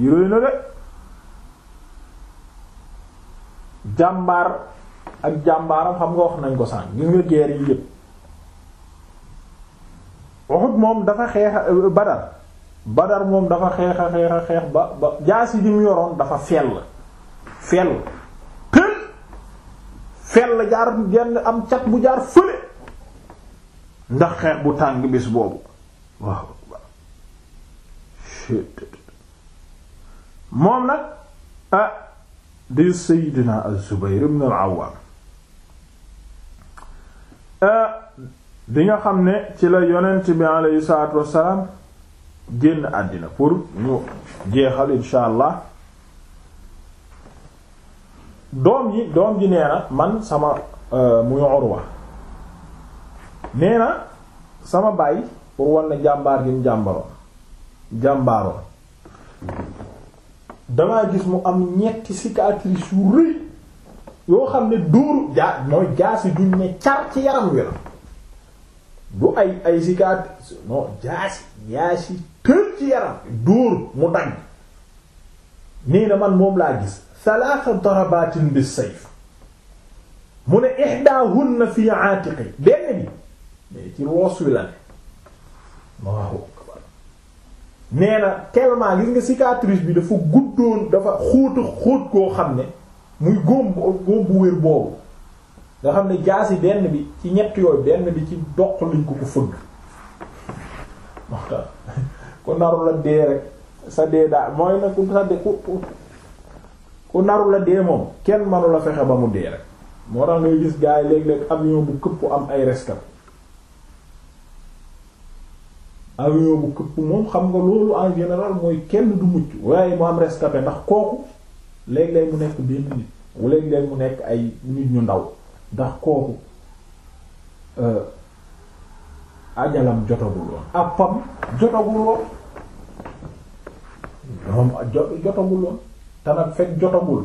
yuróy na de jàmbaar ak jàmbaaram xam nga wax nañ ko sànq gis nga guerre yi yépp Uhud moom dafa xeex Badar Badar moom dafa xeex a xeex ba ba jaasi ji mu yoroon dafa fell fell tël fell jaar genn am cat bu jaar fële ndax xeex bu tàng bis boobu waaw moom nag ah di Seydina Az-Zubayr ibn al-Awwam ah, di nga xam ne ci la yonent bi alayhi salaatu wassalaam génn àddina pour ñu jeexal insha allah doom ji doom ji nee na man sama euh, muy wa nee na sama baay pour war na jàmbaar gi mu jàmbaroon jàmbaaroon damaa gis mu am ñetti cicatrices yu rëy yoo xam ne dóoru jaa mooy jaasi du ay ay cicatrices non jaasi jaasi tël ci yaram dóor mu dagg nii man moom laa gis thalatha darabatin bis sayf mu ne ihdaahunna fi aatiqi benn bi ci roos wi la ne Allahu akbar gis nga cicatrice bi dafa guddoon dafa xóota xóot koo xam ne muy góom góom wér boobu nga xam ne jaasi benn bi ci ñett yooyu benn bi ci doq luñ ko ko fëgg ku naru la dee rek sa dee daa mooy nag ku sa dee ku ku naru la dee moom kenn manu la fexe ba mu dee rek moo tax ngay gis gaa yi léeg-léeg avion bu këpp am ay rescapés avion bu këpp moom xam nga loolu en général mooy kenn du mucc waaye mu am rescapé ndax kooku léeg-léeg mu nekk benn nit léeg-léeg mu nekk ay nit ñu ndaw ndax kooku euh, ajalam jotagul woon. appam jotagul woon. ñoom jotagul woon te nag fekk jotagul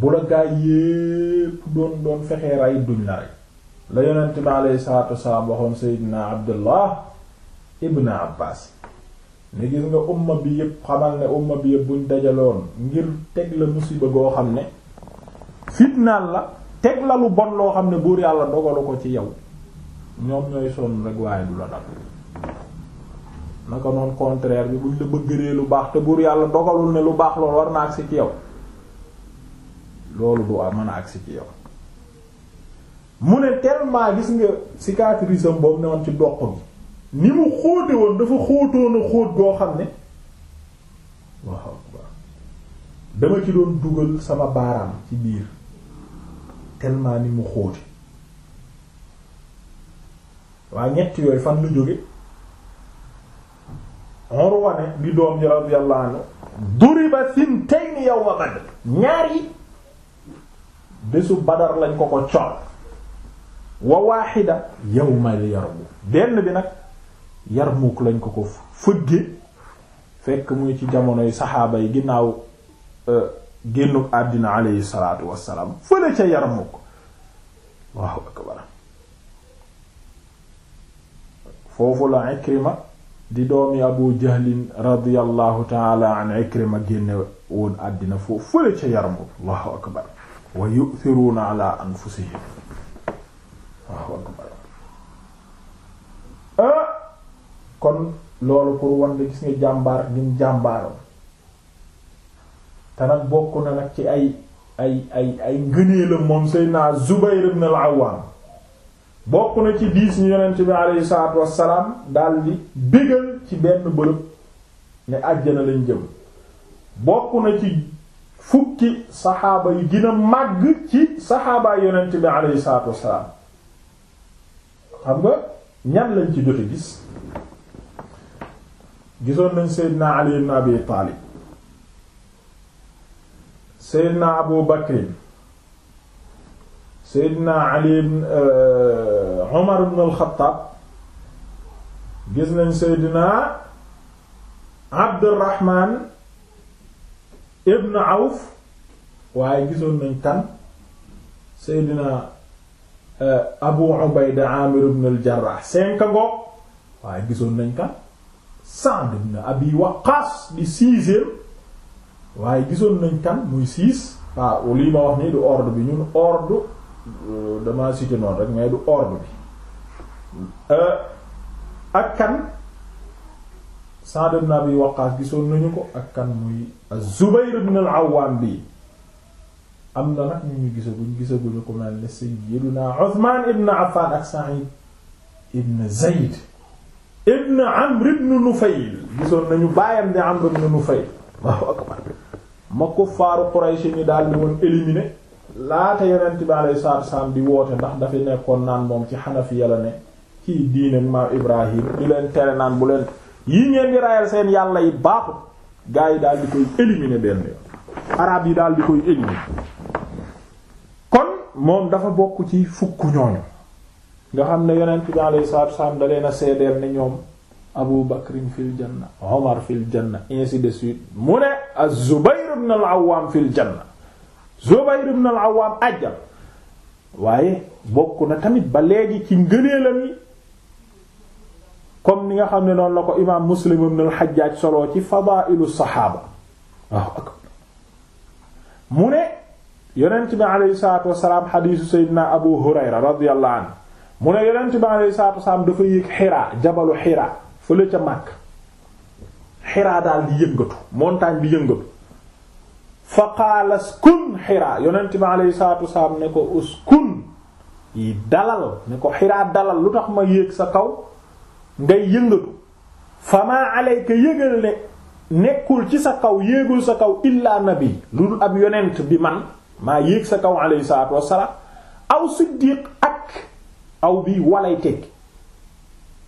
bu la gaay yépp doon doon fexee rey duñ la rey la yonent bi alayhi salaatu wasalaam waxoon Seydina Abdullah ibn Abbas ni gis nga umma bi yépp xamal ne umma bi yépp buñ dajaloon ngir teg la musiba goo xam ne fitnaal la teg la lu bon loo xam ne buur yàlla dogalu ko ci yow ñoom ñooy sonn rek waaye du la dal naka noon contraire bi buñ bëgg bëggalee lu baax te buur yàlla dogalul ne lu baax loolu war naa agsi ci yow loolu du mën a agsi ci yow mu ne tellement gis nga cicatrice am boobu ne woon ci doq bi ni mu xóote goo xam ne waaw dama ci doon dugal sama baaraam ci biir tellement ni mu xóote waa ñett yooyu fan lu jóge Urwa ne di doom ji radiyallahu anhu duriba sintayni yawma Badr ñaar yi bésu Badar lañ ko ko cor wa waaxida yawma Yarmuk benn bi nag Yarmuk lañ ko ko fëgge fekk muy ci jamonoy saxaaba yi ginnaaw e, génnuk àddina alayhi salaatu wassalaam fële ca Yarmuk Allahu akbar foofu la Ikrima di doomi abu jahlin radiallahu taala an ikrima génne woon àddina foofu fële ca yarmuk allahu akbar wa yu'thiruna anfusihim allahu akbar ah kon loolu pour wan gis nga jàmbaar ngin jàmbaaram te nag bokk na nag ci ay ay ay ay ngëneelam moom Seydina Zubayr ibn al bokk na ci diis ñu yonent bi aleyhi salaatu wassalaam daldi bégal ci benn bërëb ne àjjana lañ jëm bokk na ci fukki saxaaba yi gën a ci saxaabaay yonent bi aleyhi salaatu wassalaam xam nga ñan lañ ci jot a gis gisoon nañ Seydina Ali ibn Abi Taalib Seydina Abu Bakr Seydina Ali ibn euh, Umar ibn al gis nañ Seydina Abdurrahman ibn Awf waaye gisoon nañ kan Seydina eh, Abu Ubayda Amir ibn al-Jarrah cinq waaye gisoon nañ kan Sa'd ibn Abi Waqqas di sixième waaye gisoon nañ kan muy six waaw ah, lii ma wax nii du ordre bi ñun ordre euh, dama cité rek mais du ordre bi Euh, ak kan Sa'd ibn Abi Waqqas gisoon nañu ko ak kan muy az-Zubayr ibn al-Awwam am na nag ñu ñu gisaguñ gisaguñu ko mel ne Sayyidina Uthman ibn Affan ak Sa'id gisoon nañu baayam di Amr ibn Nufayl waaw akbar ma ko faaru Quraysh ñi daal di woon éliminé laata Yonent bi alayhi salaatu wa salaam di woote ndax dafay nekkoon naan moom ci Hanafiya la ne kii diine maam Ibrahim di leen tere naan bu leen yi ngeen di rayal seen yàlla yi baaxut gars yi daal di koy éliminer benn yoon arab yi daal di koy éliminer kon moom dafa bokk ci fukk ñooñu nga xam ne yonent bi alayhi salaatu wasallam da leen a seedeel ne ñoom Abu Bakrin fil janna Omar fil janna ainsi de suite mu ne az-Zubayr ibn al-Awwam fil janna Zubayr ajjal waaye bokk na tamit ba léegi ci ngëneelam yi comme ni nga xam ne noonu la ko imaam muslim ibn al-Hajjaj solo ci fadaa'ilu saxaaba mu ne yonent bi aleyhi salaatu wasalaam xadiisu seydina abu hurayra radiyallahu anhu mu ne yonent bi aleyhi salaatu wasalaam dafa yéeg xiraa jabalu xiraa fële ca màkk xiraa daal di yëngatu montagne bi yëngatu fa qaala uskun xiraa yonent bi aleyhi salaatu wasalaam ne ko uskun dalal ne ko xiraa dalal lu tax ma yéeg sa kaw ngay yëngatu famaa alayka yëgal ne nekkul ci sa kaw yéegul sa kaw illaa nabi lu dul ab yonent bi man maa yéeg sa kaw alayhi salaatu wassalaam aw siddiq ak aw bi walay tekki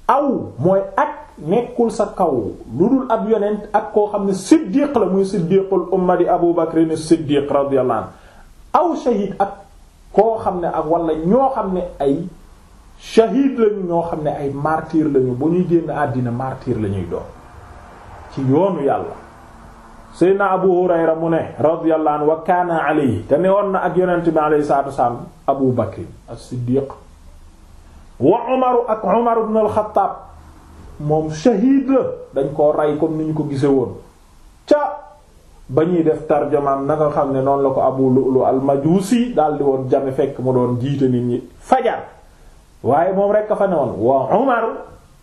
aw mooy ak nekkul sa kaw lu dul ab yonent ak koo xam ne siddiq la muy siddiqul umma di abu bakrin siddiq radiyallahu anhu aw shahid ak koo xam ne ak wala ñoo xam ne ay shahid lañu ñoo xam ne ay martyr lañu bu ñuy génn àddina martyr lañuy doon ci yoonu yàlla seydna abu hurayra mu ne radiyallahu anhu wa kaana alayhi te ne woon na ak yonent bi alayhi salaatu wasalaam abu bakr as-siddiq wa umaru ak umar ibn al moom shahid la dañ koo rey comme ni ñu ko gise woon ca ba ñuy def tarjamaam na nga xam ne noonu la ko abu lu'lu al-majusi daldi woon jame fekk mu doon jiite nit ñi fajar waaye moom rek a fa newoon wa Umar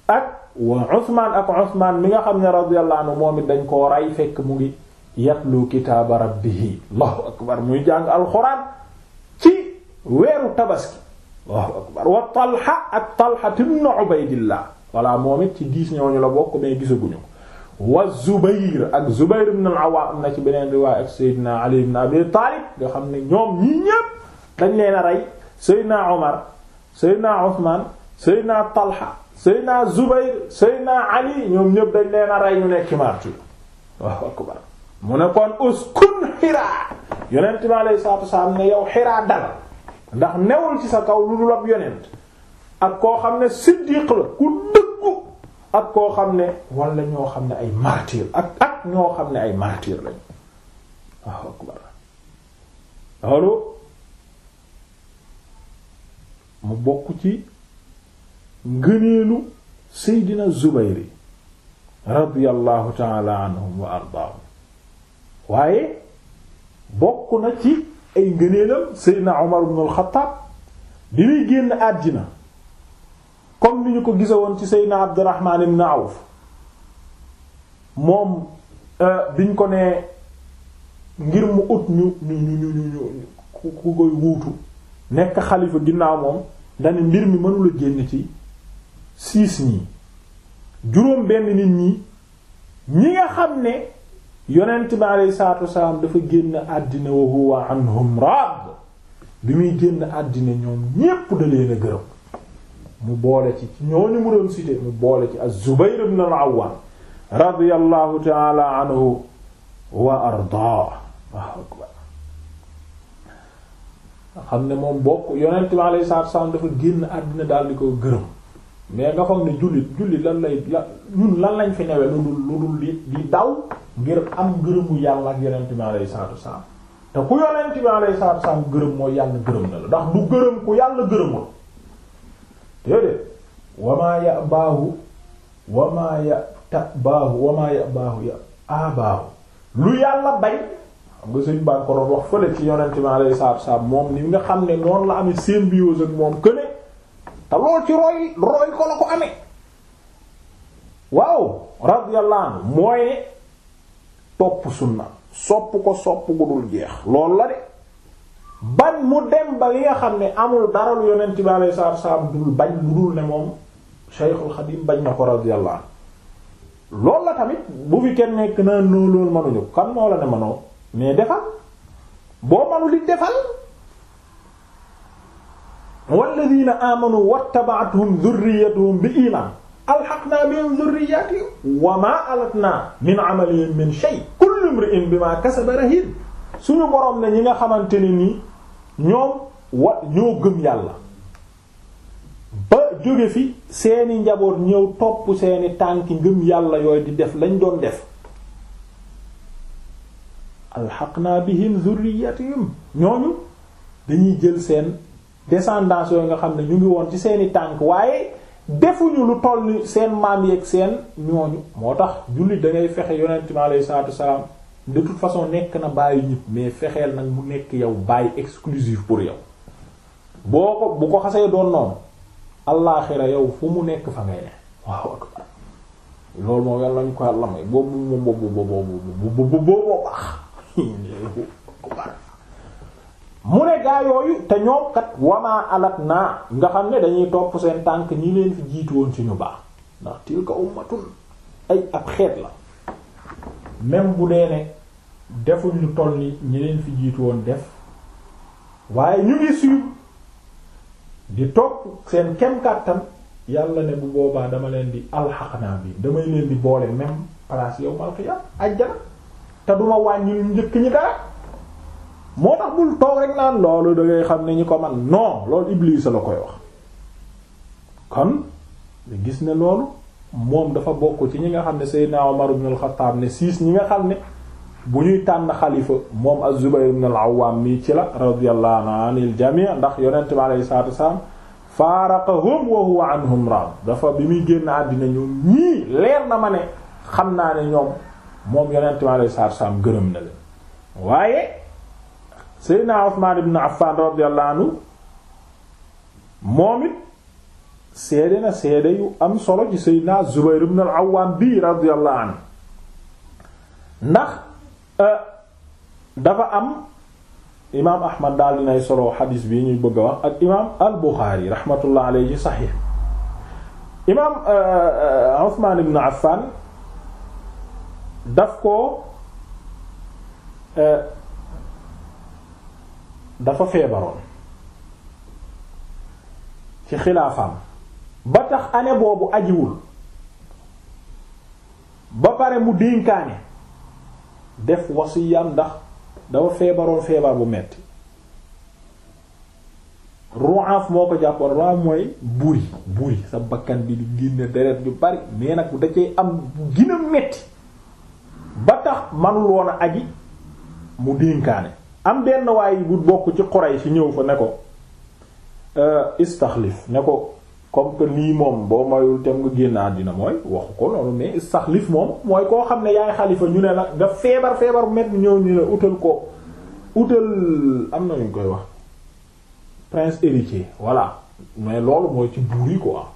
ak wa Usmaan ak Usmaan nga xam ne radiyallahu anhu moom it dañ koo rey fekk mu ngi yatlu kitaaba rabbihi allahu akbar muy jàng alxuraan ci weeru tabaski allahu akbar wa Talha ak Talha ibn Ubaydillah walla moom it ci diis ñooñu la bokk mais gisaguñu ko wa Zubayr ak Zubayr ibn al-Awwam na ci beneen riwaay ak Seydina Ali ibn Abi Taalib nga xam ne ñoom ñii ñépp dañ leen rey Seydina Omar Seydina Ousmane Seydina Talha Seydina Zubair Seydina Ali ñoom ñëpp dañ leen a rey ñu nekk martyr waaw akbar mu ne kon uskun Xiraa yonent bi alayhi salaatu wasalaam ne yow Xiraa dal ndax newul ci sa kaw lu dul ab yonent ak koo xam ne siddiq la ku dëggu ak koo xam ne wala ñoo xam ne ay martyr ak ak ñoo xam ne ay martyr lañ waaw akbar mu bokk ci ngëneelu seydina zubayri radiyallahu taala anhum waaye bokk na ci ay ngëneelam seydina umar ibn al-xattaab bi muy génn àddina comme ni ñu ko gise woon ci seydina abdurrahman ibn moom euh, biñ ko nee ngir mu ut ñu ñu ñu ñu ñu ku koy wuutu nekk xalifa ginnaaw moom dana mbir mi mënula génn ci siis ñii juróom benn nit ñi ñi nga xam ne yonent bi aleyhi salaatu wasalaam dafa génn àddina wa huwa anhum raad bi muy génn àddina ñoom ñépp da leen gërëm mu boole ci ñooñu mu doon mu boole ci az-Zubayr ibn al-Awwam radiyallahu anhu wa ardaa xam ne moom bokk yonent bi alayhi salaatu salaam dafa génn àddina daal di ko gërëm mais nga xam ne jullit jullit lan lay la ñun lan lañ fi newe lu dul lu dul di daw ngir am gërëmu yàlla ak yonent bi alayhi salaatu salaam te ku yonent bi alayhi salaatu salaam gërëm mooy yàlla gërëm na la ndax du gërëm ku yàlla gërëmul déedéet wamaa ya baahu wamaa ya ta baahu wamaa ya baahu ya abaahu lu yàlla bay nga suñ baa ko doon wax fële ci yonent bi alayhi salaatu moom ni nga xam ne noonu la amee symbiose ak moom këne te lool ci roy roy ko la ko amee waaw radiyallahu anhu topp sunna sopp ko sopp gu jeex loolu la de ban mu dem ba li nga xam ne amul dara lu yonent bi alayhi salaatu salaam dul bañ lu dul ne moom Cheikhul Xadim bañ na ko radiyallahu anhu loolu la tamit bu fi kenn nekk naa noonu loolu manuñu kan moo la ne manoo mais defal boo manu li defal walladina amanu wattaba'athum dhurriyyatuhum bi iman alhaqna min dhurriyyatihim wa ma alatna min amalihim min shay kullu imrin bima kasaba rahin suñu borom na ñi nga xamante ne nii ñoom wa ñoo gëm yàlla ba jóge fi seeni njaboot ñëw topp seeni tànki ngëm yàlla yooyu di def lañ doon def naa alxaqnaa bihim zurriyatihim ñooñu dañuy jël seen descendance yooyu nga xam ne ñu ngi woon ci seeni tànk waaye defuñu lu toll seen maam yeeg seen ñooñu moo tax jullit da fexe yonent mi alayhi salaatu de toute façon nekk na bàyyi ñëpp mais fexeel nag mu nekk yow bàyyi exclusive pour yow boo ko bu ko xasee doon noonu allaaxira yow fu mu nekk fa ngay ne waaw loolu moom yàlla ñu ko yàlla may boobu moom boobu boobu boobu boobu baax mu ne gaa yooyu te ñoom kat wamaa alat naa nga xam ne dañuy topp seen tànk ñi leen fi jiitu woon ci ñu baax ndax tilka ummatun ay ab xeet la même bu dee ne defuñ lu toll ñi leen fi jiitu woon def waaye ñu ngi suy di topp seen kem kàttan yàlla ne bu boobaa dama leen di alxaq naa bi damay leen di boole même place yow mal xiyaam ajjana te duma wàññi njëkk ñi dara moo tax bul toog rek naan loolu da xam ne ñi ko man non lool Iblis la koy wax kon nga gis ne loolu moom dafa bokk ci ñi nga xam ne Seydina Omar ibn al ne siis ñi nga xam ne bu ñuy tànn xalifa moom az-Zubayr ibn al-Awwam mii ci la radiyallahu anil jami' ndax yonent bi alayhi salaatu wassalaam faaraqahum wa huwa anhum raad dafa bi muy génn àddina ñoom ñii leer na ma ne xam naa ne ñoom moom yonent mi alayhi salaatu salaam gërëm na leen waaye Seydina Usmaan ibn Affaan radiyallahu anhu moom it seede na seede yu am solo ci Seydina Zubayr ibn al-Awwaam bi radiyallahu anhu ndax euh, dafa am imaam Ahmad daal dinay solo xadiis bi ñuy bëgg a wax ak imaam al-Buxaari rahmatullah alayhi saxiix imaam euh, euh, Usmaan ibn Affaan daf ko euh, dafa feebaroon ci xilaafaam ba tax année boobu ajiwul ba pare mu dénkaane def wasiyam ndax dafa feebaroon feebar bu metti ru'af moo ko jàppoon ru'af mooy buri buri sa bakkan bi di génne deret yu bari mais nag da cee am gina metti ba tax manul woon a mu dénkaane am benn waaye bu bokk ci Quraysh si ñëw fa ne ko euh, istaxlif ne ko comme que lii moom boo mayul tem nga génn àddina mooy waxu ko loolu mais istaxlif moom mooy koo xam ne yaay xalifa ñu ne la nga feebar feebar met ñëw ñu ne utal ko utal am na ñu koy wax prince héritier voilà mais loolu mooy ci buur yi quoi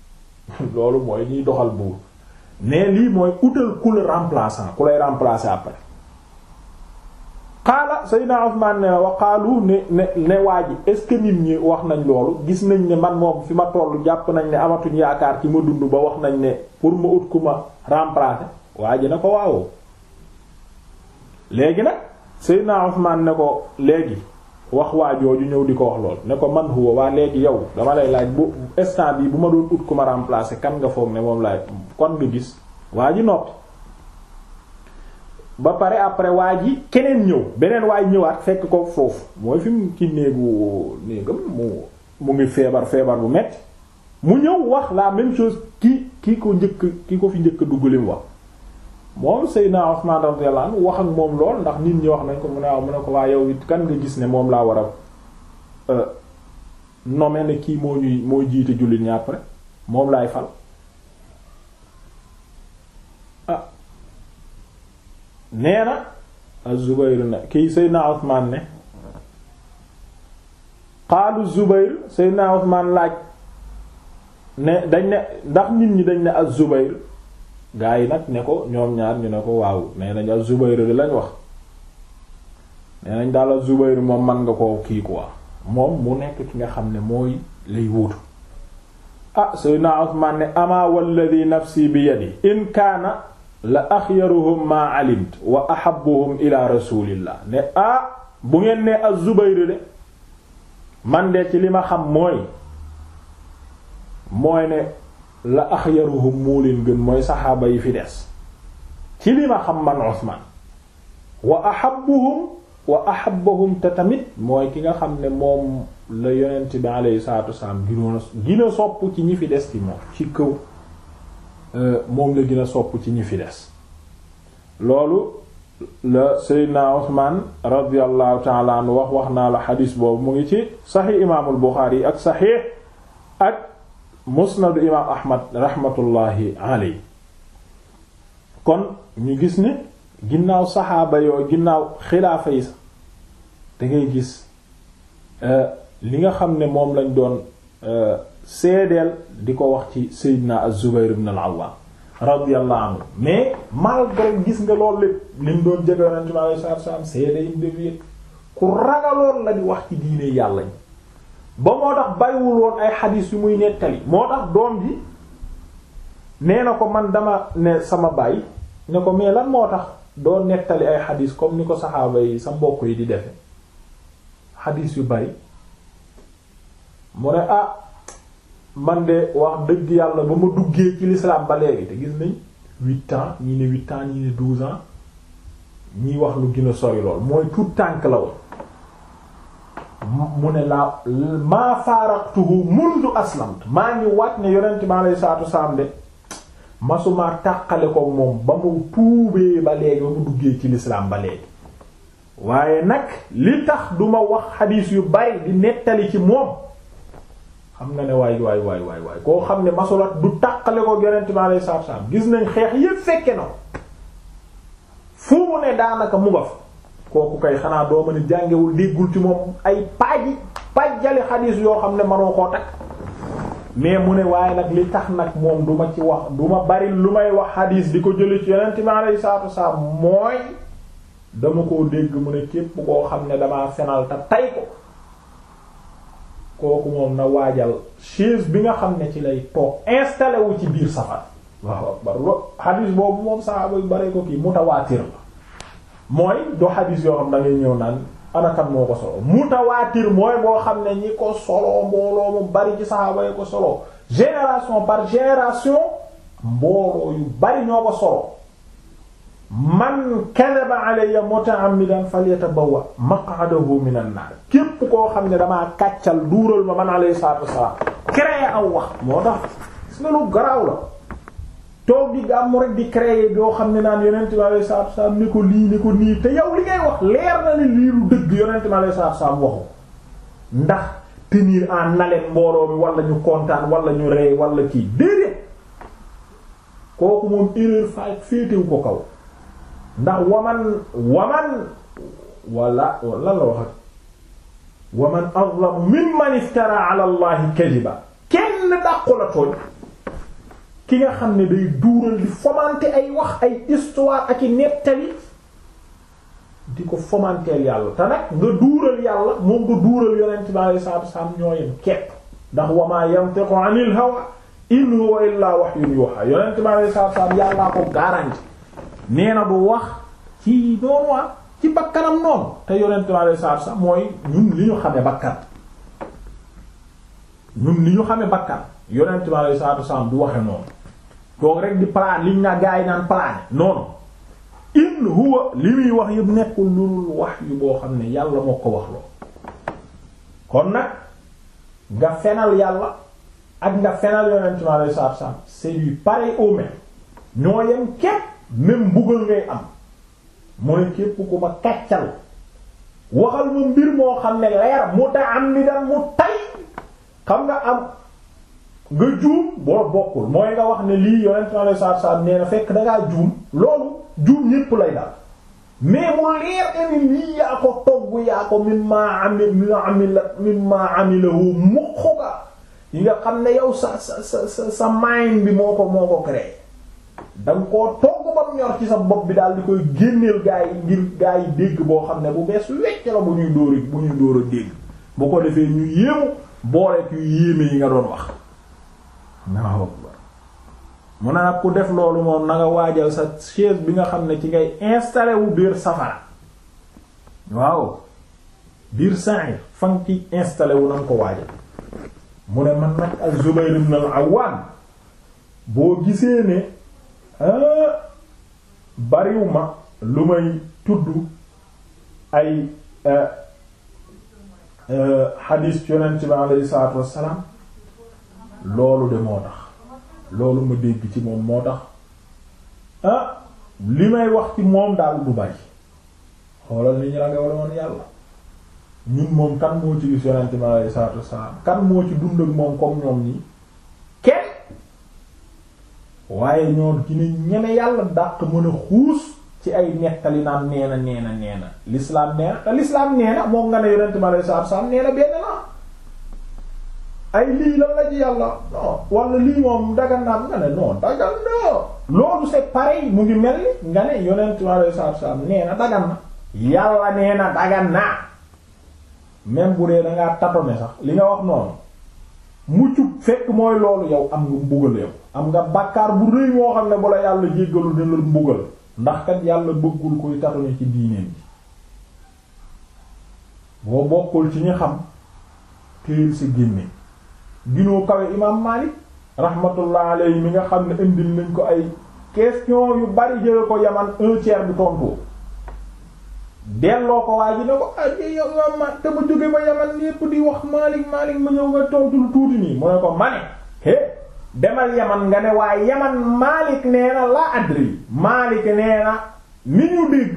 loolu mooy ñuy doxal buur mais lii mooy utal ku la remplaçant ku lay remplacer après xaala Seydina Ousmane ne wa xaalu ne ne ne waa ji est ce que nit ñi wax nañ loolu gis nañ ne man moom fi ma toll jàpp nañ ne amatuñ yaakaar ci ma dund ba wax nañ ne pour ma ut ku ma remplacer waa ji na ko waawoo léegi nag Seydina Ousmane ne ko léegi wax waa jooju ñëw di ko wax lool ne ko man huwa waa léegi yow dama lay laaj bu instant yi bu ma doon ut ku ma kan nga foog ne moom laay kon nga gis waa ji noppi ba pare après waa ji keneen ñëw beneen waay ñëwaat fekk ko foofu mooy fi mu ci néegu néegam mu mu ngi feebar feebar bu metti mu ñëw wax la même chose ki ki ko njëkk ki ko fi njëkk a dugg lim wax moom Seydina Usmaan radiyallahu anhu wax ak moom lool ndax nit ñi wax nañ ko mu ne waaw mu ne ko waaye yow it kan nga gis ne moom laa war a euh, nommer ne kii moo ñuy moo jiite jullit ñi après moom laay fal ah nee na az-Zubayr na kii Seydina Usmaan ne xaalu Zubayr Seydina Usmaan laaj ne dañ ne ndax nit ñi dañ ne az-Zubayr gaa yi nag ne ko ñoom ñaar ñu ne ko waaw nee nañ al Zubayr di lañ wax nee nañ daal al Zubayr moom man nga ko kii quoi moom mu nekk ki nga xam ne mooy lay wuutu ah Seydina Usmaan ne ama walladhi nafsi bi yadi in kaana la axyaruhum maa alimt wa ahabbuhum ila rasulillah ne ah bu ngeen ne al Zubayr de man de ci li ma xam mooy mooy ne la axyaruhum moo leen gën mooy saxaaba yi fi des ci li ma xam man Usmaan wa ahabbuhum wa ahabbahum te tamit mooy ki nga xam ne moom la yonent bi alayhi salaatu wasalaam ginoon gina sopp ci ñi fi des ci moom ci kaw euh, moom la gën a sopp ci ñi fi des loolu la Seydina Usmaan radiyallahu taala anhu wax wax naa la xadiis boobu mu ngi ci saxiix imaamul Buxaari ak saxiix ak musnadu imaam ahmad rahmatullahi aley kon ñu gis ni ginnaaw saxaaba yoo ginnaaw xilaafa yi sax da ngay gis euh, li nga xam ne moom lañ doon euh, seedeel di ko wax ci Seydina az-Zubayr ibn al-Awwam radiyallahu mais malgré gis nga loolu lépp lim doon jege Yonent bi sallallahu seede yi mu def ku ragaloon la wax ci diine yàlla ñi ba moo tax bariwul woon ay xadiis yu muy nettali moo tax doom bi nee na ko man dama ne sama baay ne ko mais lan moo tax doo nettali ay xadiis comme ni ko saxaaba yi sa mbokk yi di defe xadiis yu bari mu ne ah man de wax dëgg yàlla ba ma duggee ci l'islam ba léegi te gis nañ huit ans ñii ne huit ans ñii ne douze ans ñii wax lu gën a sori lool mooy tout tànk la woon mu ne laa maa faaraqtuhu mundu aslamtu maa ngi waat ne yonent mi alayhi salaatu wasalaam de masuma tàqale ko moom ba mu tuubee ba léegi ba mu duggee ci lislaam ba léegi waaye nag li tax duma wax xadiis yu bari di nettali ci moom xam nga ne waay waay waay waay waay koo xam ne masulaat du tàqale ko yonent mi alayhi salaatu wasalaam gis nañ xeex yépp fekke na fu mu ne daanaka mu nga fa kooku kay xanaa doo ma ni jàngewul déggul ci moom ay paaji pajjali xadiis yoo xam ne manoo koo takk mais mu ne waaye nag li tax nag moom du ma ci wax du ma bari lu may wax xadiis di ko jële ci yonent mi alayhi salaatu wasalaam mooy dama koo dégg mu ne képp koo xam ne damaa fenal te tay ko kooku moom na waajal chaise bi nga xam ne ci lay toog installé wu ci biir safar waaw akbar lo xadiis boobu moom saxaaba yu bare ko kii mutawaatir la mooy do xadis yoo xam da ngay ñëw naan anakan moo ko solo mutawaatir mooy boo xam ne ñi ko solo mbooloo mu bari ci saxaaba yi ko solo génération par génération mbooloo yu bari ñoo ko solo man kadaba alayya muta'ammidan falyatabawwa maq'adahu minan nar képp koo xam ne damaa kàccal duural ma man alayhi salaatu wax moo tax gis nga lu garaaw la toog di gàmmu rek di créer doo xam ne naan yonent bi alayhi salaatu salaam ni ko lii ni ko nii te yow li ngay wax leer na ne lii lu dëgg yonent bi alayhi salaatu salaam waxu ndax tenir en haleine mbooloo mi wala ñu kontaan walla ñu rey wala kii déedéet kooku moom erreur fa féetewu ko kaw ndax waman waman wala lan la wax ak waman azlamu mimman iftara ala allahi kenn dàqu tooñ ki nga xam ne day duural di fomante ay wax ay histoire ak i nettali di ko fomanteel yàlla te nag nga duural yàlla moom nga duural yonent bi alayhi salaatu wasalaam ñoo yem kepp ndax wa maa yantiqu anil hawa in huwa illaa wahyun yuuhaa yonent bi alayhi salaatu wasalaam yàllaa ko wax ci noonu waa ah, ci bakkanam noonu te yonent bi alayhi salaatu wasalaam mooy ñun li ñu xame bakkan ñun li ñu xame bakkan yonent bi alayhi salaatu wasalaam du waxe noonu toog rek di plan liñ na gaa yi naan plané noonu in huwa li muy wax yëpp nekkul lu dul wax yu boo xam ne yàlla moo ko wax loo kon nag nga fenal yàlla ak nga fenal yonentu Yàlla sallallahu alayhi wasallam c'est du pareil au ñoo yem képp même buggal ngay am mooy képp ku ma kàccal waxal mu mbir moo xam ne leer mu ta am ni daan mu tay xam nga am nga juum boo bokkul mooy nga wax ne lii yonent Yàlla saab saab nee fekk da ngaa juum loolu juum ñépp lay dal mais mu leer eni lii yaa ko togg yaa ko mimma amil mimma amil mimma amilahu muqqa yi nga xam ne yow sa sa sa sa mind bi moo ko moo ko créé da koo togg ba mu ñor ci sa bopp bi daal di koy génneel gaa yi ngir gaa yi dégg boo xam ne bu bees wecc la bu ñuy dóor bu ñuy dóor a dégg bu ko defee ñu yéemu booleet yu yéeme yi nga doon wax Allahu akbar mu ne nag ku def loolu moom na waajal sa chaise bi nga xam ne ci ngay installé wu biir safara waaw biir sa'ir fan ci installé wu na ko waajal mu ne man nag ak Zubayr ibn al-Awwam boo gisee ne ah, bariw lu may tudd ay xadiis ah, ah, yonent bi alayhi salaatu wassalaam loolu de moo tax loolu ma dégg ci moom moo tax ah, li may wax ci moom daal du bari xoolal ni ñu la nga war a yàlla ñun moom kan moo ci gis yonente mi alayhi salaatu wassalaam kan moo ci dund ak moom comme ñoom nii kenn waaye ñoo gina ñeme yàlla dàq mën a xuus ci ay nettali naan neena neena neena lislaam neena te lislaam neena moom nga ne yonente mi alayhi salaatu neena benn la ay lii lan la ci yàlla non wala lii moom dagan nga ne non dagan na loolu c'est pareil mu ngi mel ni nga ne yonent Yàlla sallallahu alayhi wasallam nee na dagan yàlla nee na dagan na même bu dee da sax li nga wax noonu muccu fekk mooy loolu yow am nga mbugal yow am nga bàkkaar bu rëy moo xam ne bu la yàlla jéggalu dina la mbugal ndax kat yàlla bëggul koy tatonné ci diineen bi boo bokkul ci ñi xam téyel sa génne ginoo kawe imaam Maalik rahmatullah alayhi mi nga xam ne indil nañ ko ay question yu bari jële ko yaman un tiers bi tontu delloo ko waa ji ne ko ah yow ma te ma jóge ba yaman yépp di wax Maalik Maalik ma ñëw nga tontu lu tuuti nii mu ne ko ma ne hé demal yaman nga ne waaye yaman Maalik nee na laa adri Maalik nee na ni ñu dégg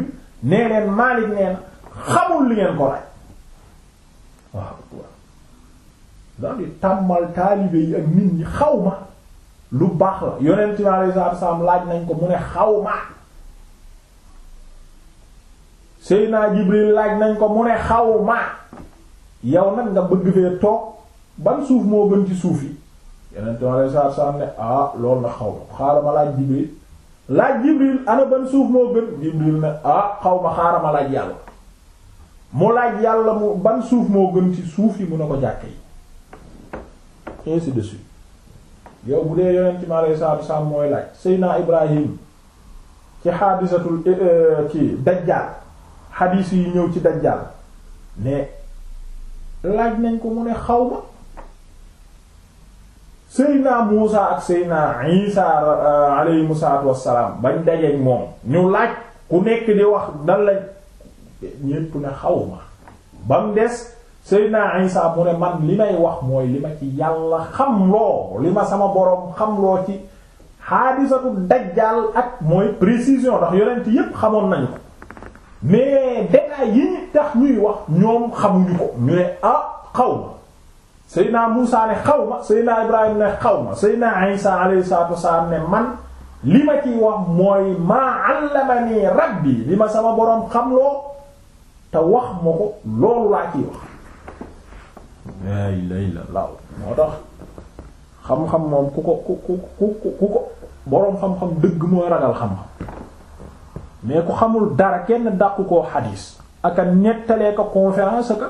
nee neen Maalik nee na xamul li ngeen ko laaj waaw daal di tàmmal taalibe yi ak nit ñi xaw ma lu baax la yonent bi alayhi salaatu laaj nañ ko mu ne xaw ma Seydina Jibril laaj nañ ko mu ne xaw ma yow nag nga bëgg fee toog ban suuf moo gën ci suuf yi yonent bi alayhi salaatu ne ah loolu na xaw ma xaaral laaj Jibril laaj Jibril ana ban suuf moo gën Jibril ne ah xaw ma xaaral ma laaj yàlla mu laaj yàlla mu ban suuf moo gën ci suuf yi mu ne ko jàkk yi ainsi de suite yow bu dee yonent mi alayhi salaatu salaam mooy laaj Seydina Ibrahim ci xaadisatul eh, eh, ci dajjaal xadiis yi ñëw ci dajjaal mais laaj nañ ko mu ne xaw ma Seydina Muusa ak Seydina Isa eh, alayhimu salaatu wassalaam bañ dajeek moom ñu laaj ku nekk di wax dan lañ ñépp ne xaw ma ba des Seydina Isa mu ne man li may wax mooy li ma ci yàlla xam loo li ma sama boroom xam loo ci xaadisatu dajjaal ak mooy précision ndax yonent yépp xamoon nañu ko mais détails yi tax ñuy wax ñoom xamuñu ko ñu ne ah xaw ma Seydina Muusa ne xaw ma Seydina Ibrahim ne xaw ma Seydina Isa alayhi salaatu wasalaam ne man li ma ci wax mooy maa allamani rabbi li ma sama boroom xam loo te wax ma ko loolu laa ciy wax lay lay la moo tax xam-xam moom ku ko ku ku ku ku ko boroom xam-xam dëgg mooy ragal xam mais ku xamul dara kenn dàqu koo xadiis aka nettalee ko conférence aka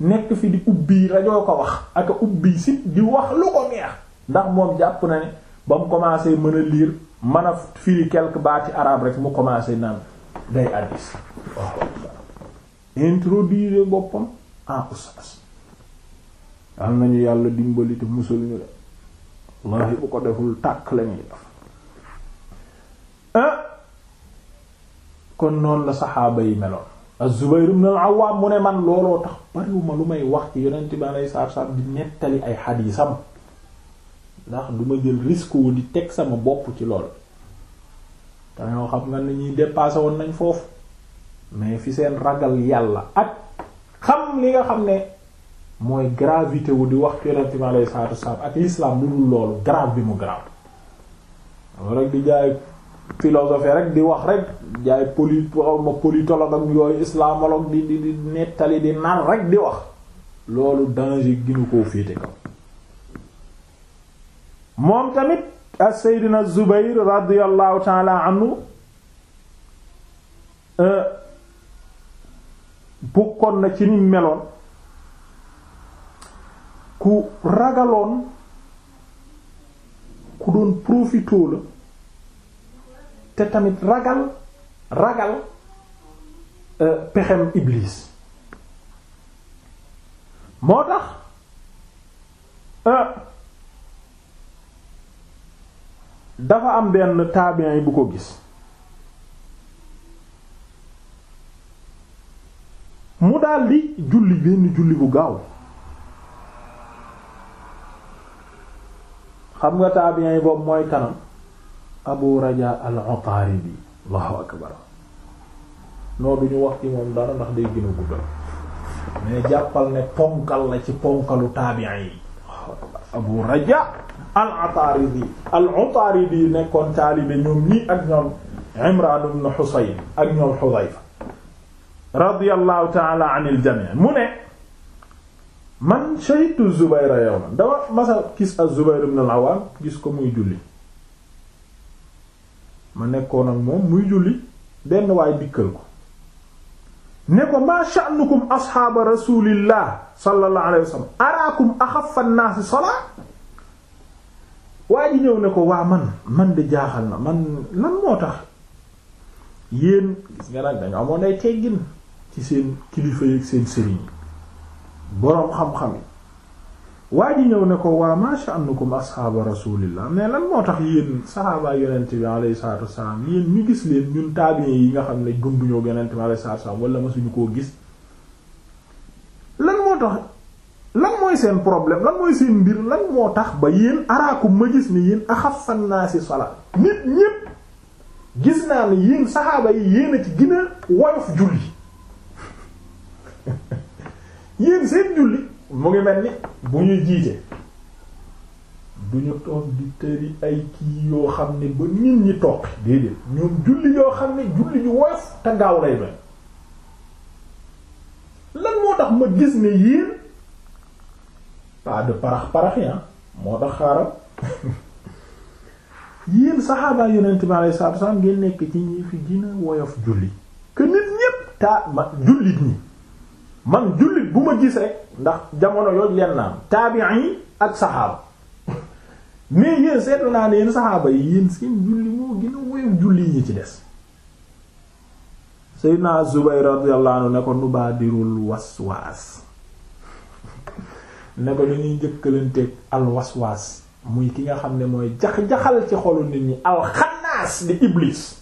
nekk fi di ubbi rajoo ko wax aka ubbi sit di wax lu ko neex ndax moom jàpp na ne ba mu commencé mën a liir mën a firi quelque baati arabe rek mu commencé naan day hadiis waaw boppam en oustaz am nañu yàlla dimbali te musal ñu de wallahi bu ko deful tàkk lañuy def ah! kon noonu la saxaaba yi meloon ak zubayr ibn al-Awwam man looloo tax bariwuma lu may wax ci yonent bi aleyhi salaatu salaam di nettali ay xadiisam ndax du ma jël risque wu di teg sama bopp ci lool te ñoo xam nga ni ñuy dépassé woon nañ foofu mais fi seen ragal yàlla ak xam li nga xam ne mooy gravité wu di wax yonent bi alayhi salaatu wasallam ak l'islam lu dul loolu grave bi mu grave loolu rek di jaay philosophie rek di wax rek jaay poli ma politologue ak yooyu islamologue di di di nettali di naan rek di wax loolu danger ginu koo féete kaw moom tamit as seydina Zubayr radiyallahu taala anhu euh, bokkoon na ci ni meloon ku ragaloon ku doon profitoo la te tamit ragal ragal euh, pexem iblis moo tax euh, dafa am benn taabien yi bu ko gis mu daldi julli benn julli bu gaaw xam nga tabi'in boobu mooy kanam abu raja al-Utaribi allahu akbar noo duñu wax ci moom dara ndax day gën a guddal mais jàppal ne ponkal la ci ponkalu tabi'in abu raja al-Utaribi al-Utaribi nekkoon taalibe ñoom ñii ak ñoom Imran ibn Husayn ak ñoom Hudayfa radiyallahu ta'ala anil jami' mu ne man shahidtu Zubayra yawman dama masa gis az-Zubayr ibn al gis ko muy julli ma nekkoon ak moom muy julli benn waay dikkal ko ne ko maa sha'nukum asxaaba rasulillah sallallahu alayhi wa sallam araakum axaffa an salaa waa ji ñëw ne ko waa man man de jaaxal na man lan moo tax yéen gis nga nag dañu amoon ay teggin ci seen kilifa yi ak seen sëriñ boroom xam-xam yi waa ji ñëw ne ko waa ma sha'nukum asxaaba rasulillah mais lan moo tax yéen saxaaba yonent bi alayhi salaatu wassalaam yéen ñu gis leen ñun taabiin yi nga xam ne gëmbuñoo yonent bi alayhi salaatu wassalaam wala masuñu koo gis lan moo tax lan mooy seen problème lan mooy seen mbir lan moo tax ba yéen araakum ma gis ne yéen axafan naa si salaat nit ñépp gis naa ne yéen saxaaba yi yéen ci gën woyof julli yéen seen julli mu ngi mel ni bu ñuy jiite du ñu toog di tëri ay kii yoo xam ne ba nit ñi toog déedéet ñoom julli yoo xam ne julli ñu woyof te gaaw lay mel lan moo tax ma gis ne yéen pas de parax parax yi ah. moo tax xaaral yéen saxaaba yonent bi alayhi salaatu wa salaam nekk ci ñi fi gën a woyof julli que nit ñépp taa ma jullit ñi. man jullit bu ma gis rek ndax jamono yooyu leen naan taabi'i ak saxaaba mais yéen seetlu naa ne yéen saxaaba yi yéen seen julli moo gën a woyof julli yi ñu ci des Seydina Zubayr radiyallahu anhu ne ko nubaadirul waswaas ne ko dañuy njëkkalanteeg alwaswaas muy ki nga xam ne mooy jax-jaxal ci xolu nit ñi alxanaas di iblis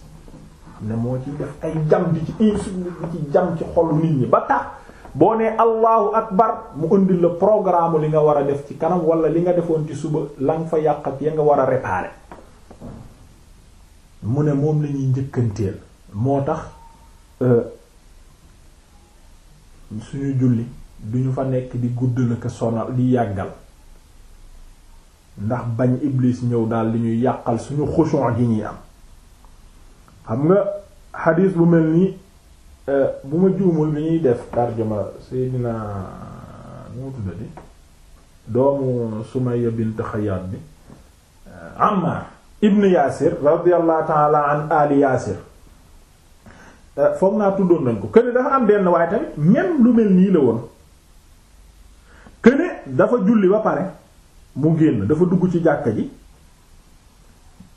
ne moo ci def ay jam di ci insuline di ci jam ci xolu nit ñi ba tax boo nee allahu akbar mu indi la programme li nga war a def ci kanam wala li nga defoon ci suba lang fa yàq ak ya nga war a réparer mu ne moom la ñuy njëkkanteel moo tax euh, suñu julli duñu fa nekk di guddal ak sonal di yàggal ndax bañ iblis ñëw daal li ñuy yàqal suñu xushon gi ñuy am xam nga xadiis bu mel nii Euh, bu ma juumul bi ñuy def tarjuma Seydina nu mu tuddati doomu Sumayya bint Xayyaat bi euh, Ammar ibn Yaasir radiyallahu ta'ala an ali Yaasir euh, foog naa tuddoon nañ ko këne dafa am benn waaye tamit même lu mel nii la woon këne dafa julli ba pare mu génn dafa dugg ci jàkka ji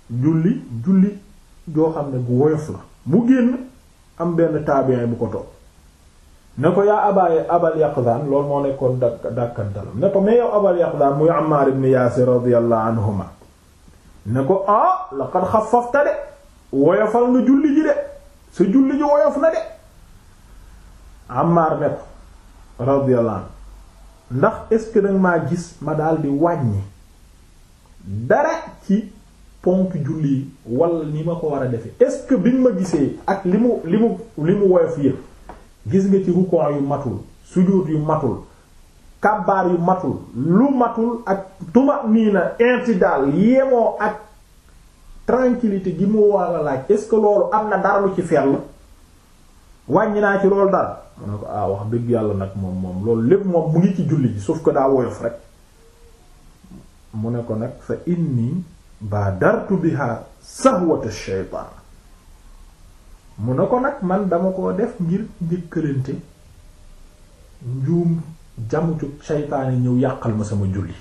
julli julli joo xam ne gu woyof la mu génn am benn taabiin bu ko toog ne ko yaa abal abal yaqdaan loolu moo nekkoon dàkk ne ko mais yow abal yaqdaan muy Ammaar ibn Yaasir radiyallahu anhuma ne ko ah laqad xaffafta de woyofal nga julli ji de sa julli ji woyof na de Ammaar ne ko radiyallahu ndax est maa gis ma dal di wàññi dara ci ponk julli yi wala ni ma ko war a defee est-ce que bi ma gisee ak li mu li mu li mu woyof yëpp gis nga ci rukkoo yu matul sujjóot yu matul kabbaar yu matul lu matul ak tuma nii na intidaal yemoo ak tranquillité gi mu war a laaj est-ce que loolu am na dara lu ci fell wàññi naa ci loolu dara mu ne ko ah wax dëgg yàlla nag moom moom loolu lépp moom mu ngi ci julli ji sauf que daa woyof rek mu ne ko nag fa inni baadartu biha sahwata shaytaan mu ne ko nag man dama koo def ngir njëkkalante njuum jamu cu yi ñëw yàqal ma sama julli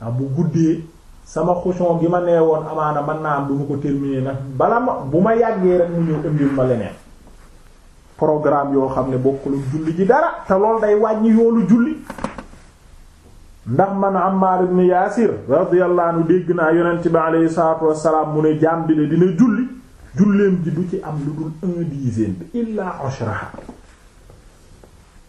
ndax bu guddee sama xuson gi ma nee woon amaana man naa am du ko terminer nag bala ma bu ma yàggee rek mu ñëw ëmbil ma leneen programme yoo xam ne bokkul julli ji dara te loolu day wàññi yoolu julli ndax man Ammaar ibn Yaasir radiyallahu dégg naa yonent bi alayhi salaatu wassalaam mu ne jaam bi ne dina julli julleem ji du ci am lu dul un dixième bi illaa ashraha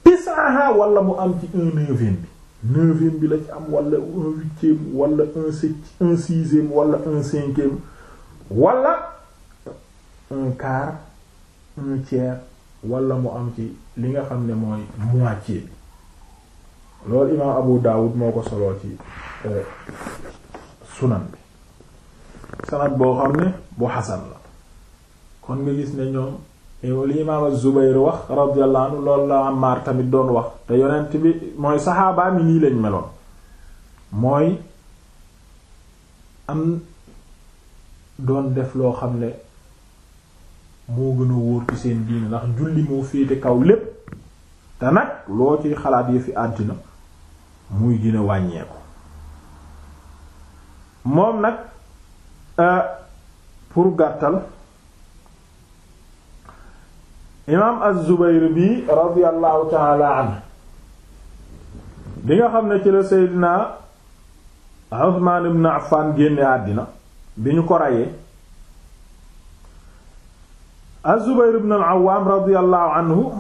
tisaaha wala mu am ci un neuvième bi neuvième bi la ci am wala un huitième wala un sept un sixième wala un cinquième wala un quart un tiers wala mu am ci li nga xam ne mooy moitié bi loolu imaam Abu Dawud moo ko soloo ci eh, sunan bi sanad boo xam ne bu xasan la kon nga gis ne ñoom eh, li imaam az-Zubayr wax radiyallahu anhu loolu la Ammaar tamit doon wax te yonent bi mooy saxaabaa mi nii lañ meloon mooy am doon def loo xam ne moo gën a wóor ci seen diine ndax julli fii féete kaw lépp te nag loo ci xalaat yi fi àddina muy gën wàññeeku moom nag euh, pour gàttal imaam az bi radiyallahu taala anhu bi nga xam ne ci la Seydina Usmaan ibn Affan génne àddina bi ñu ko rayee az-Zubayr ibn al anhu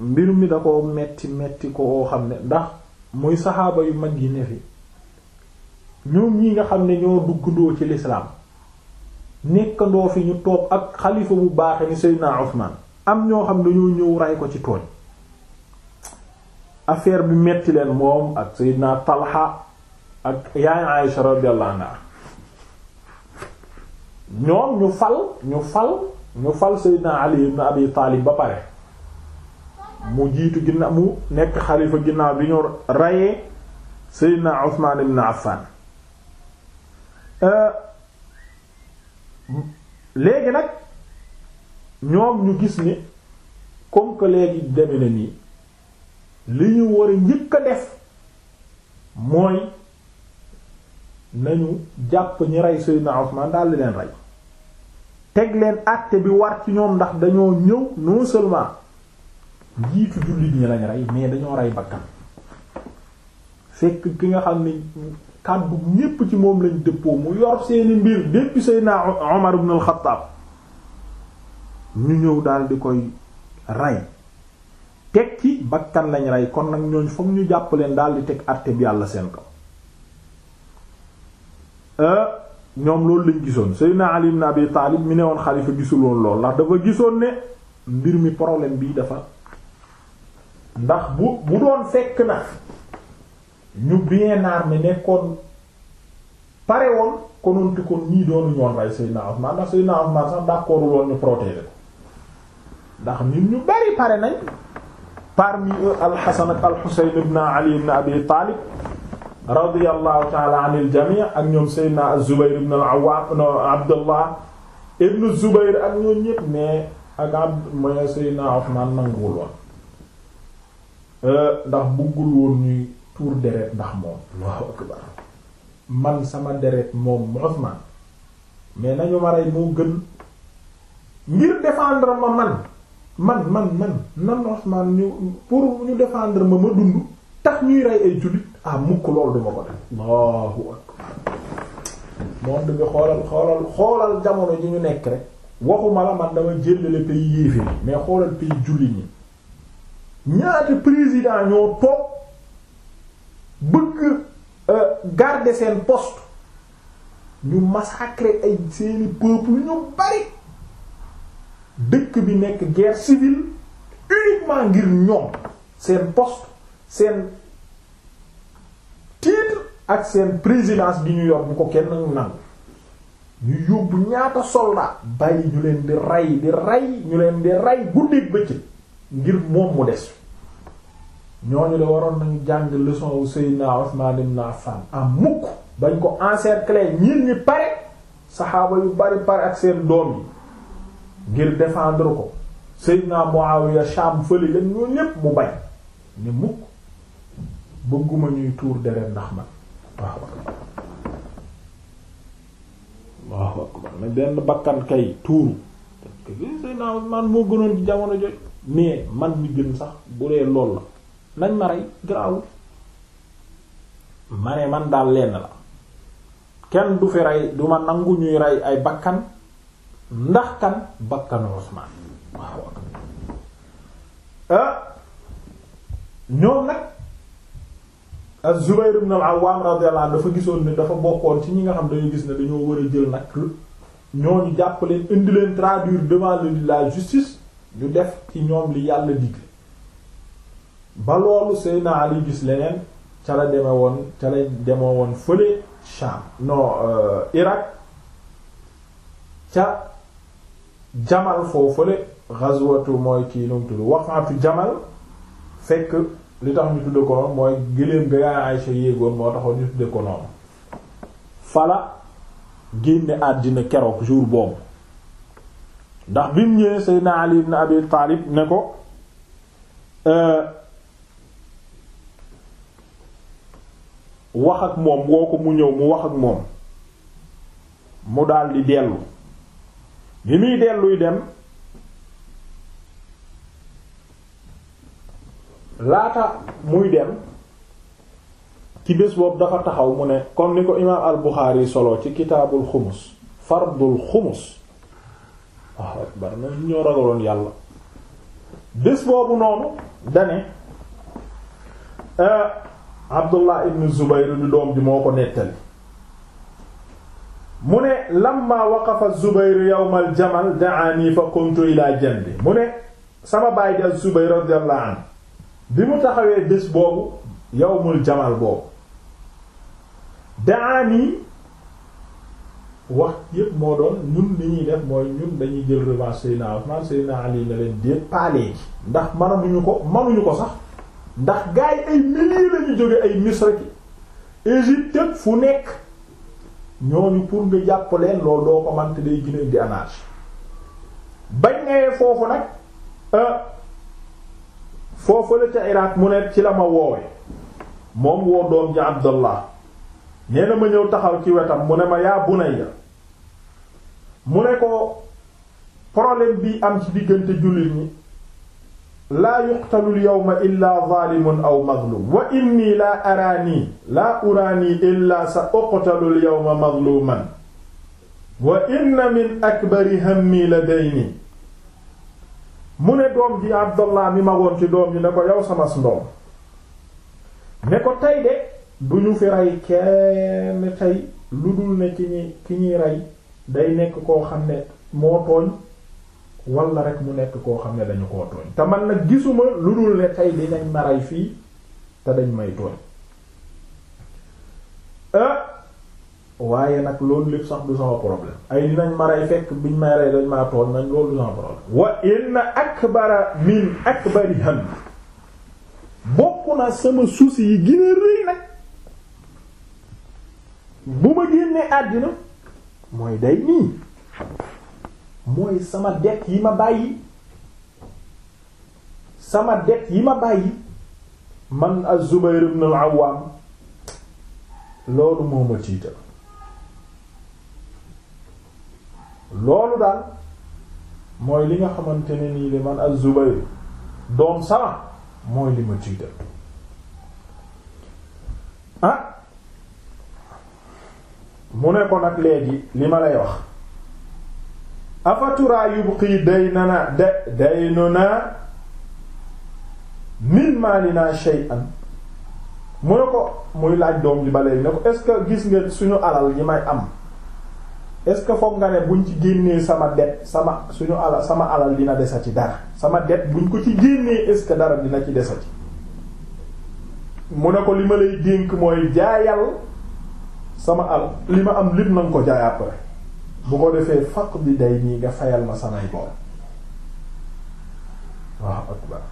mbir mi da ko metti metti ko xam ne ndax muy saxaaba yu mag yi ne fi ñoom ñi nga xam ne ñoo duggandoo ci lislaam nekkandoo fi ñu toog ak xalifa bu baax ni Seydina Usmaan am ñoo xam dañoo ñëw rey ko ci tooñ affaire bi metti leen moom ak Seydina talxa ak yaay Aïsha radiyallahu anha ñoom ñu fal ñu fal ñu fal Seydina Ali ibn Abi Taalib ba pare mu jiitu ginnaaw mu nekk xalifa ginnaaw bi ñu rayee Seydina Usmaan ibn Affan euh, léegi nag ñoom ñu gis ni comme que léegi deme na nii li ñu war a njëkk a def mooy nañu jàpp ñi rey Seydina Usmaan daal di leen rey teg leen acte bi war ci ñoom ndax dañoo ñëw non seulement jiitu jullit ñi lañ rey mais dañoo rey bakkan fekk ki nga xam ne kàddu ñépp ci moom lañ dëppoo mu yor seeni mbir depuis Seydina Omar ibn al ñu ñëw daal di koy rey teg ci bakkan lañ rey kon nag ñooñ foog ñu jàpp leen daal di teg àtte bi yàlla seen kaw euh, ñoom loolu lañ gisoon Seydina Ali ibn Abi Taalib mi ne woon xalifa gisuloon lool ndax dafa gisoon ne mbir mi problème bi dafa ndax bu bu doon fekk na ñu bien armé nekkoon pare woon konoon te kon ñii doonu ñoon rey Seydina Ousmane ndax Seydina Ousmane sax d'accord woon ñu protéger ndax nit ñu bari pare nañ parmi eux al-Hasan al-Husayn ibn Ali ibn Abi Talib radiyallahu ta'ala anil jami' ak ñoom Seydina az-Zubayr ibn al-Awwam Abdullah ibn Zubayr ak ñoom ñépp mais ak mooy Seydina Ousmane nanguwul woon Euh, ndax buggul woon ñuy tuur deret ndax moom Allahu akbar man sama deret moom Usman mais nañu ma rey moo gën ngir défendre ma man man man man nan Usman ñu pour ñu défendre ma ma dund tax ñuy rey ay jullit ah mukk loolu duma ko def Allahu akbar moom bi xoolal xoolal xoolal jamono ji ñu nekk rek waxuma la man dama jëlale pays yéeféer mais xoolal pays jullit ñi ñaata président ñoo toog bëgg euh, garder seen poste ñu massacrer ay seeni peuple ñu bari dëkk bi nekk guerre civile uniquement ngir ñoom seen poste seen titre ak seen présidence bi ñu yor bu ko kenn nangu ñu yóbbu ñaata soldat bàyyi ñu leen di rey di rey ñu leen di rey guddeeg bëccëg ngir moom mu des ñooñu de waroon nañu jàng leçon wu Seydina Usman ibn Affan am ah, mukk bañ ko encercler ñin ñi pare saxaaba yu bari pare ak seen doom yi ngir défendre ko Seydina Muawiya Sham fële lañ ñoo ñépp mu bañ ni mukk bëgguma ñuy tuur deret ndax man waaw waaw waaw benn bakkan kay tuuru Seydina Usman moo gënoon ci jamono mais man mi gën sax bu dee lool la nañ ma rey garaawul ma ne man daal lenn la kenn du fi rey du ma nangu ñuy rey ay bakkan ndax kan bakkanu Usmaan waaw ah ñoom nag Az-Zubayr ibn al-Awwam radiyallahu anhu dafa gisoon ni dafa bokkoon ci ñi nga xam dañu gis ne dañoo war a jël nag ñooñu jàpp leen indi leen traduire devant la justice ñu def ci ñoom li yàlla digle ba loolu Seydina Ali gis leneen ca la deme woon ca la demoo woon fële Sham non euh, Irak ca Jamal foofu fële ghazwatu mooy kii nu mu tudd waqatu Jamal fekk li tax ñu tudde ko noonu mooy gëléem ga yaay yéegoon moo taxoon ñu tudde ko noonu fala génne àddina keroog jour boobu ndax bi mu ñëwee Seydina Ali ibn Abi Taalib ne ko euh, wax ak moom woo ko mu ñëw mu wax ak moom mu daldi dellu bi muy delluy dem laata muy dem ci bés boobu dafa taxaw mu ne comme ni ko imaam al Buxaari solo ci kitaabul xumus fardul xumus waaw akbar na ñoo ragaloon yàlla bés boobu noonu dane euh, Abdullah ibn Zubayr di doom ji moo ko nettali mu ne lamma waqafa Zubayr yawm al jamal da'ani fa kuntu ila jambi mu ne sama baay ji al Zubayr radiyallahu anhu bi mu taxawee bés boobu yawmul jamal boobu da'ani wax yëpp moo doon ñun li ñuy def mooy ñun dañuy jël revanche Seydina Ousmane Seydina Ali na leen déet pas léegi ndax manaduñu ko manuñu ko sax ndax gars yi ay milliers lañu jóge ay Misra ki Égypte fu nekk ñooñu pour nga jàpp leen loolu doo ko mante day gën a di anarchie bañ ngayee foofu nag euh, foofu la ca Irak mu ne ci la ma woowe moom woo doom ji Abdallah nee na ma ñëw taxaw ci wetam mu ne ma yaa bunayya mu ne ko problème bi am ci diggante jullit ñi laa yuqtalul yawma illa zaalimun aw mazlum wa inni laa araanii laa uraanii illa sa uqtalul yawma mazluman wa inna min akbari hammi ladayni mu ne doom ji abdallah mi magoon ci doom ji ne ko yow sama ndoom ne ko tey de du ñu fi rey kenn tey lu dul ne ki ñi ki ñuy rey day nekk koo xam ne moo tooñ wala rek mu nekk koo xam ne dañu koo tooñ te man nag gisuma lu dul ne tey dinañ maray fii te dañ may tooñ ah waaye nag loolu lépp sax du sama problème ay dinañ maray fekk biñ may rey dañ maa tooñ nañ loolu du sama problème wa inna akbara min akbari ham bokk na sama souci yi gën a nag bu ma génnee àddina mooy day nii mooy sama det yi ma bàyyi sama det yi ma bàyyi man az-Zubayr ibn al-Awwam loolu moo ma tiital loolu daal mooy li nga xamante ne nii de man a zubayr doom sama mooy li ma tiital ah mu ne ko nag léegi li ma lay wax afaturaa yubqi daynana de daynuna min maalina shay'an mu ne ko muy laaj doom ji bale léegi ne ko est-ce que gis nga suñu alal yi may am est-ce que foog nga ne buñ ci génnee sama det sama suñu alal sama alal dina desati dara sama det buñ ko ci génnee est-ce dara dina ci desati mu ne ko li ma lay dénk mooy jaayal sama al li ma am lépp na nga ko jaay après bu ko defee faq bi day ñii nga fayal ma samay bor waaw akbar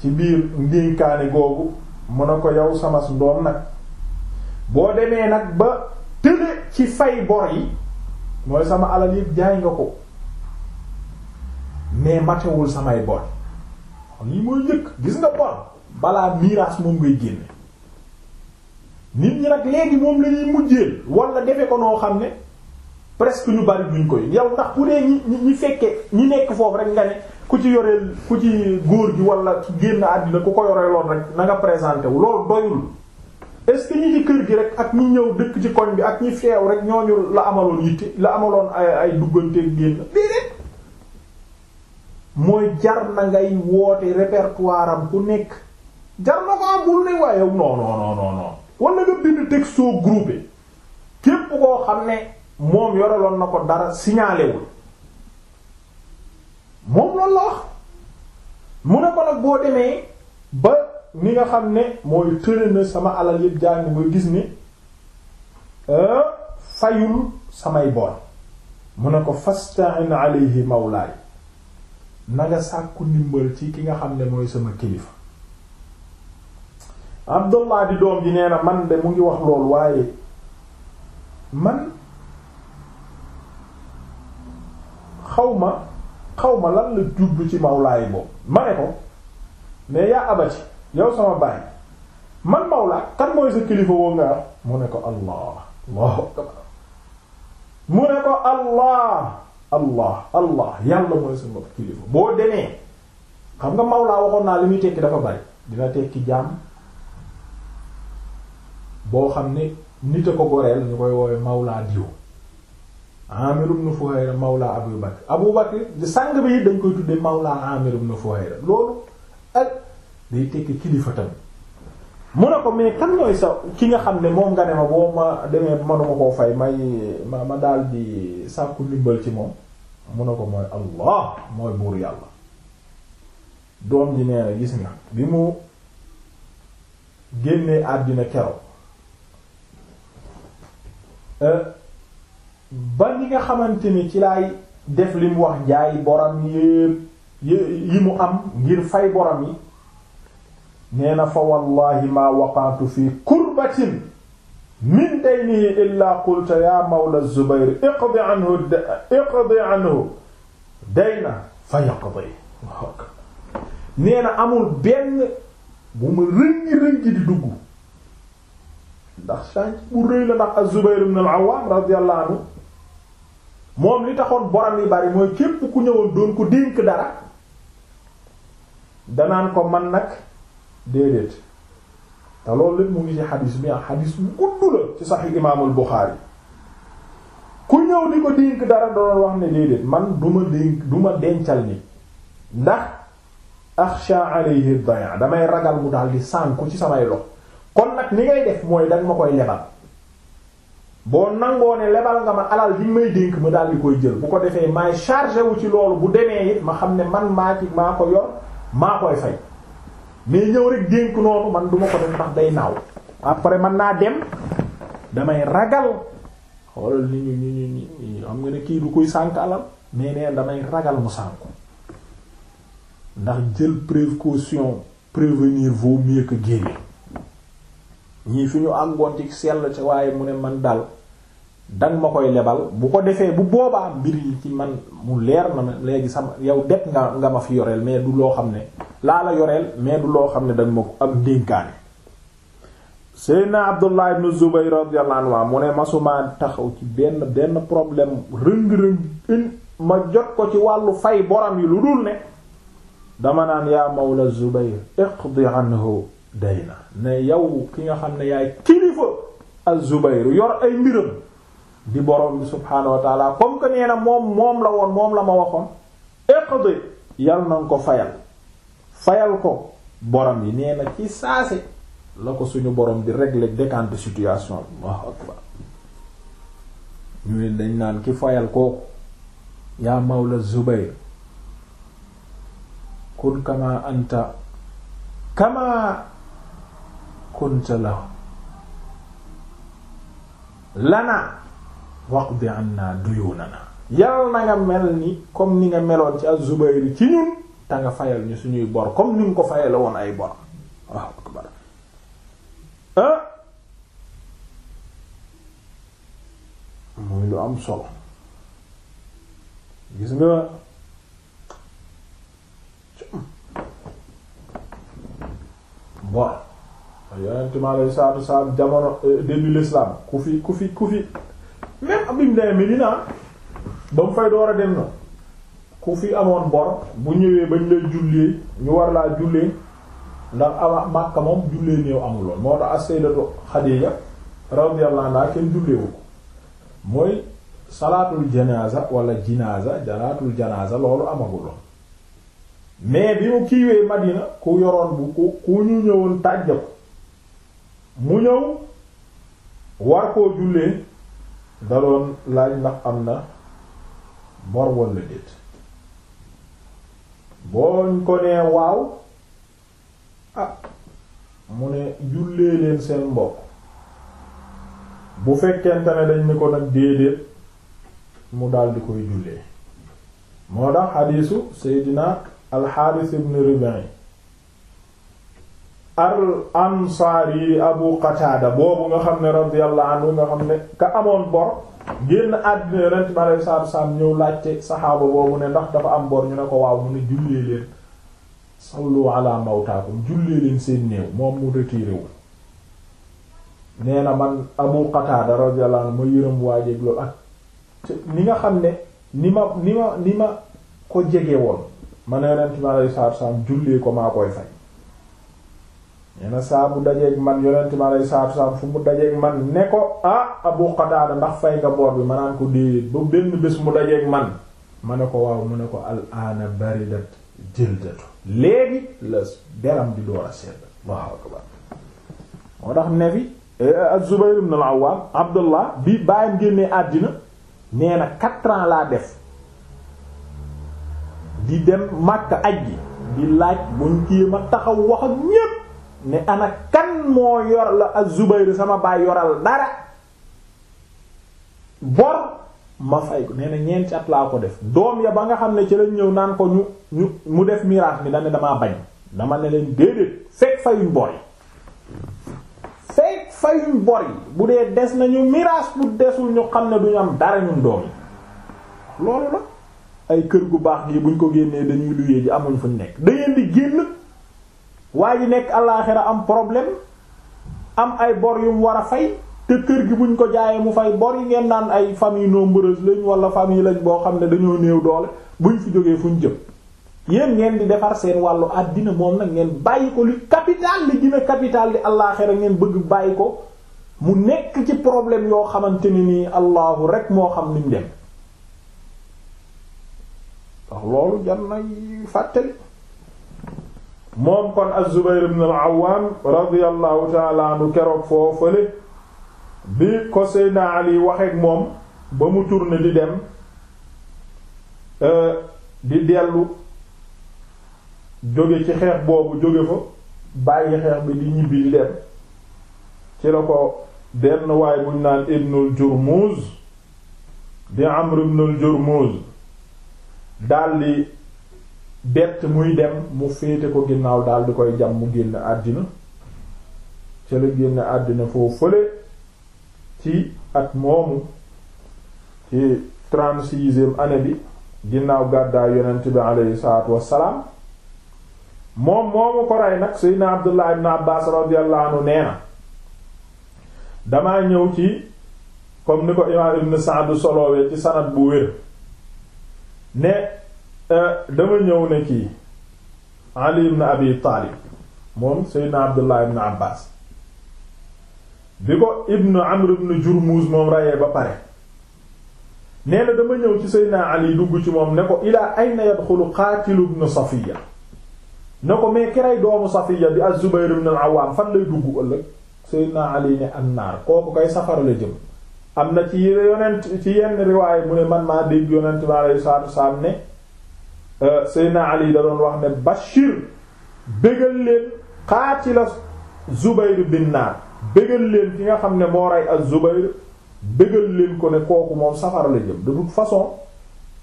ci biir ndénkaane googu mun na ko yow sama ndoom nag boo demee nag ba tële ci fay bor yi mooy sama alal yëpp jaay nga ko mais matewul samay bor lii mooy njëkk gis nga bor balaa miraas moom ngay génne nit ñi nag léegi moom la ñuy mujjeel wala defe ko noo xam ne presque ñu bari duñ koy yow ndax ku dee ñi ñi fekkee ñi nekk foofu rek nga ne ku ci yoreel ku ci góor gi wala ci génn àddina ku ko yoreeloon rek na nga présenté wu loolu doyul est-ce ñi ci kër gi rek ak ñu ñëw dëkk ci koñ bi ak ñi feew rek ñoo ñooñu la amaloon yitte la amaloon ay ay dugganteeg génn déedéet mooy jar na ngay woote répertoire am ku nekk jar na ko am bul ne waaye non non non wala nga bind texto groupé képp koo xam ne moom yoraloon na ko dara signalé wul moom loolu la wax mu ne ko nag boo demee ba ni nga xam ne mooy tëre sama alal yëpp jàng nga gis ne euh, fayul samay bor mu ne ko fasta'in alayhi mawlaay na nga sàkku ndimbal ci ki nga xam ne mooy sama kilifa Abdullah di doom ji nee na man de mu ngi wax lool waaye man xawma xawma lan la jublu ci mawlaay boobu mane ko mais yaa abati yow sama baay man mawlaa kan mooy sa kilifa woo nga mu ne ko allah mu ne ko allah allah allah yàlla mooy sama kilifa boo demee xam nga mawlaa waxoon naa li muy tekki dafa bari dina tekki jaam boo xam ne nit a ko goreel ñu koy woowe mawla diw Amir ibn Fuhayra mawla Abu Bakr Abu Bakr di sàng bi dañ koy tuddee mawla Amir ibn Fuhayra loolu ak day tekki kilifa tamit mu ne ko mais kan mooy sa ki nga xam ne moom nga ne ma boo ma demee manuma koo fay may ma dal di sàkku ndimbal ci moom mu ne ko mooy Allah mooy buur yàlla doom ji nee na gis nga bi mu génnee àddina keroog Euh, ba ni nga xamante ni ci laay def li mu wax jaay boram yépp yi mu am ngir fay boram yi nee na fa wallahi ma waqaatu fi kurbatin min daynihi illa qultu ya mawla zubayr iqdi anhu iqdi anhu dayna fa yaqdi nee na amul benn bu ma rëngi rëngi di dugg ndax sànq bu rëy la ndax az-Zubayr ibn al-Awwam radiyallahu anhu moom li taxoon boram yi bari mooy képp ku ñëwoon doon ko dénk dara danaan ko man nag déedéet te loolu lépp mu ngi ci xadis bi ah xadis bu gudd la ci Sahih Imaamul Buxaari ku ñëw di ko dénk dara doon wax ne déedéet man du ma dénk du ma dencal ni ndax axsha alayhi ad damay ragal mu daal di sànku ci samay lox nag ni ngay def mooy danga ma koy lebal boo nangoo ne lebal nga ma alal li may dénk ma daal di koy jël bu ko defee maay chargé wu ci loolu bu demee it ma xam ne man maa ci maa ko yor maa koy fay mais ñëw rek dénk noonu man du ma ko def ndax day naaw après man naa dem damay ragal xoolal ni ñu ñu ñu xam nga ne kii du koy sànk alal mais nee damay ragal mu sànku ndax jël précaution prévenir vaut mieux que guérir ñii fi ñu àngoon ci sell ci waaye mu ne man daal dang ma koy lebal bu ko defee bu boobaa mbir yi ci man mu leer na léegi sama yow det nga nga ma fi yoreel mais du loo xam ne laa la yoreel mais du loo xam ne danga ma ko am ndénkaane seydna abdullah ibn zubayr radiyallahu anhu mu ne masumaa taxaw ci benn benn problème rëng-rëng ma jot ko ci wàllu fay boram yi lu dul ne dama naan yaa mawla zubayr iqdi anhu day na ne yow ki nga xam ne yaay kilifa az-Zubayr yor ay mbiram di borom bi subhaanahu wa comme que nee moom moom la woon moom la ma waxoon iqdi yal na ko fayal fayal ko borom yi nee ci saase la ko suñu boroom di régler décanter situation bi Allahu akbar ñu ne dañ naan ki fayal kooku yaa mawla Zubayr kun kama anta kama kunta la lana waqdi anna duyuunana yal na nga mel ni comme ni nga meloon ci az-Zubayr ci ñun te fayal ñu suñuy bor comme ni nga ko fayal woon ay bor waaw akbar ah, muy lu am solo gis nga bor yonent mi alayhi salaatu salaam jamono euh, début l'islam ku fi ku fi ku fi même bi mu demee Medina ba mu fay door a dem na ku fi amoon bor bu ñëwee bañ lay jullee ñu war laa jullee ndax ama Makka moom jullee néew amuloon moo tax as-sayyidatu Xadiija radiyallahu anha kenn julleewu ko mooy salaatul janaza wala jinaza salaatul janaza loolu amaguloon mais bi mu kiiwee Madina ku yoroon bu ku ku ñu ñëwoon tàjja mu ñëw war koo jullee da laaj ndax am na bor walla déet booñ ko nee waaw ah mu ne jullee leen seen mbokk bu fekkente ne dañ ni ko nag déedéet mu daldi koy jullee moo tax xadiisu seydina alxaaris ibn Ribay al ansaari abu qataada boobu nga xam ne radiyallahu anhu nga xam ne ka amoon bor génn àddina yonent bi alayhi salaatu wasalaam ñëw laajte saxaaba boobu ne ndax dafa am bor ñu ne ko waaw mu ne jullee leen sallu ala mawtaakum jullee leen seen néew moom mu retiré wu nee na man abu qataada radiyallahu anhu ma yërëm waajeeg loolu ak ni nga xam ne ni ma ni ma ni ma ko jege woon ma ne yonent bi alayhi salaatu wasalaam jullee ko maa koy fay neena saabu bu dajeeg man yonent ma lay saatu saam fu mu dajeeg man ne ko ah Abu Qataada ndax fay nga boor bi ma ko déedéet ba benn bés mu dajeeg man ma ne ko waaw mu ne ko al aana baridat jildatu léegi la deram di door a sedd moo tax ne fi eh, Az-Zubayr ibn al-Awwam Abdullah bi bàyyam génnee àddina nee na laa def di dem Makka aj di laaj buñ kii ma taxaw wax ak ñépp ne ana kan moo yor la az-Zubayr sama baay yoral dara bor ma fay ko nee na ñeenti at laa ko def doom ya ba nga xam ne ci ñëw naan ko ñu ñu mu def miraas mi dane damaa bañ dama ne leen déedéet fekk fayuñ bor yi fekk fayuñ bor yi bu dee des nañu miraas bu desul ñu xam ne duñu am dara ñun doom yi loolu la ay kër gu baax gi buñ ko génnee dañuy luyee ji amuñ fuñ nekk da di génn waa ji nekk àllaaxira am problème am ay bor yu war a fay te kër gi buñ ko jaayee mu fay bor yi ngeen naan ay famille nombreuse lañ wala famille lañ boo xam ne dañoo néew doole buñ fi jógee fuñ jëm yéen ngeen di defar seen wàllu àddina moom nag ngeen bàyyi ko li capital li gën a capital di ngeen bëgg bàyyi ko mu nekk ci problème yoo xamante ne nii allahu rek moo xam niñ dem ndax loolu jar na fàttali moom kon az-Zubayr ibn al-Awwam radiyallahu ta'ala anhu keroog bi ko Seydina Ali waxeek moom ba mu tourné di dem euh, di dellu jóge ci xeex boobu jóge fa bàyyi xeex bi di ñibbi di ci la ko benn waay buñ naan ibnul Jurmuz di Amr ibnul Jurmuz daldi bett muy dem mu féete ko ginnaaw daal di koy jam mu génn àddina ca la génn àddina foo fële ci at moomu ci trente-sixième année bi ginnaaw gàddaay yonent bi aleyhi salaatu wassalaam moom moomu ko rey nag seydna abdullah ibn abbas radiyallahu anhu nee na damaa ñëw ci comme ni ko imaam ibn Sa'd solowee ci sanad bu wér ne Euh, dama ñëw ne kii Ali ibn Abi Taalib moom Seydina Abdullah ibn Abbas bi ko ibn Amr ibn Jurmuz moom rayee ba pare nee na dama ñëw ci Seydina Ali dugg ci moom ne ko ilaa ayna yadxulu qaatilu ibn Safiya ne ko mais kiray doomu Safiya bi az-Zubayr ibn fan lay dugg ëllëg Seydina Ali ne annaar kooku kay safara la jëm am na ci yonent ci yenn riwaay mu ne man maa dégg yonent bi alayhi salaatu wa ne Euh, Seydina Ali da doon wax ne Bachir bégal leen qaatila Zubayr bin naar bégal leen ki nga xam ne moo rey ak Zubayr bégal leen ko ne kooku moom safara la jëm de toute façon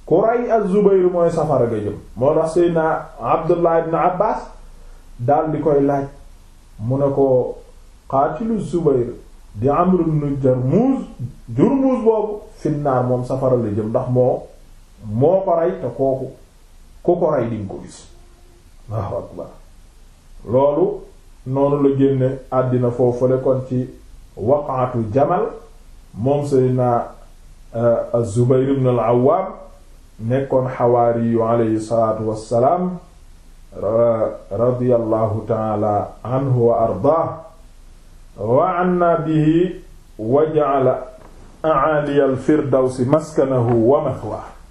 ku rey ak Zubayr mooy safara la jëm moo tax Seydina Abdullah ibn Abbas daal di koy laaj mu ne ko qaatilu Zubayr di Amr ibn Jarmuz Jurmuz boobu finnaar moom safara la jëm ndax moo moo ko rey te kooku ku ko rey dinga ko gis waaw akbar loolu noonu la génne àddina foofu la kon ci waqaatu jamal moom seydina uh, az-Zubayr ibn al-Awwam nekkoon xawaari yu aleyhi salaatu wassalaam radiyallahu taala anhu wa ardaah wa anna bihi wa ja'ala a'ali al-firdawsi maskanahu wa mathwaahu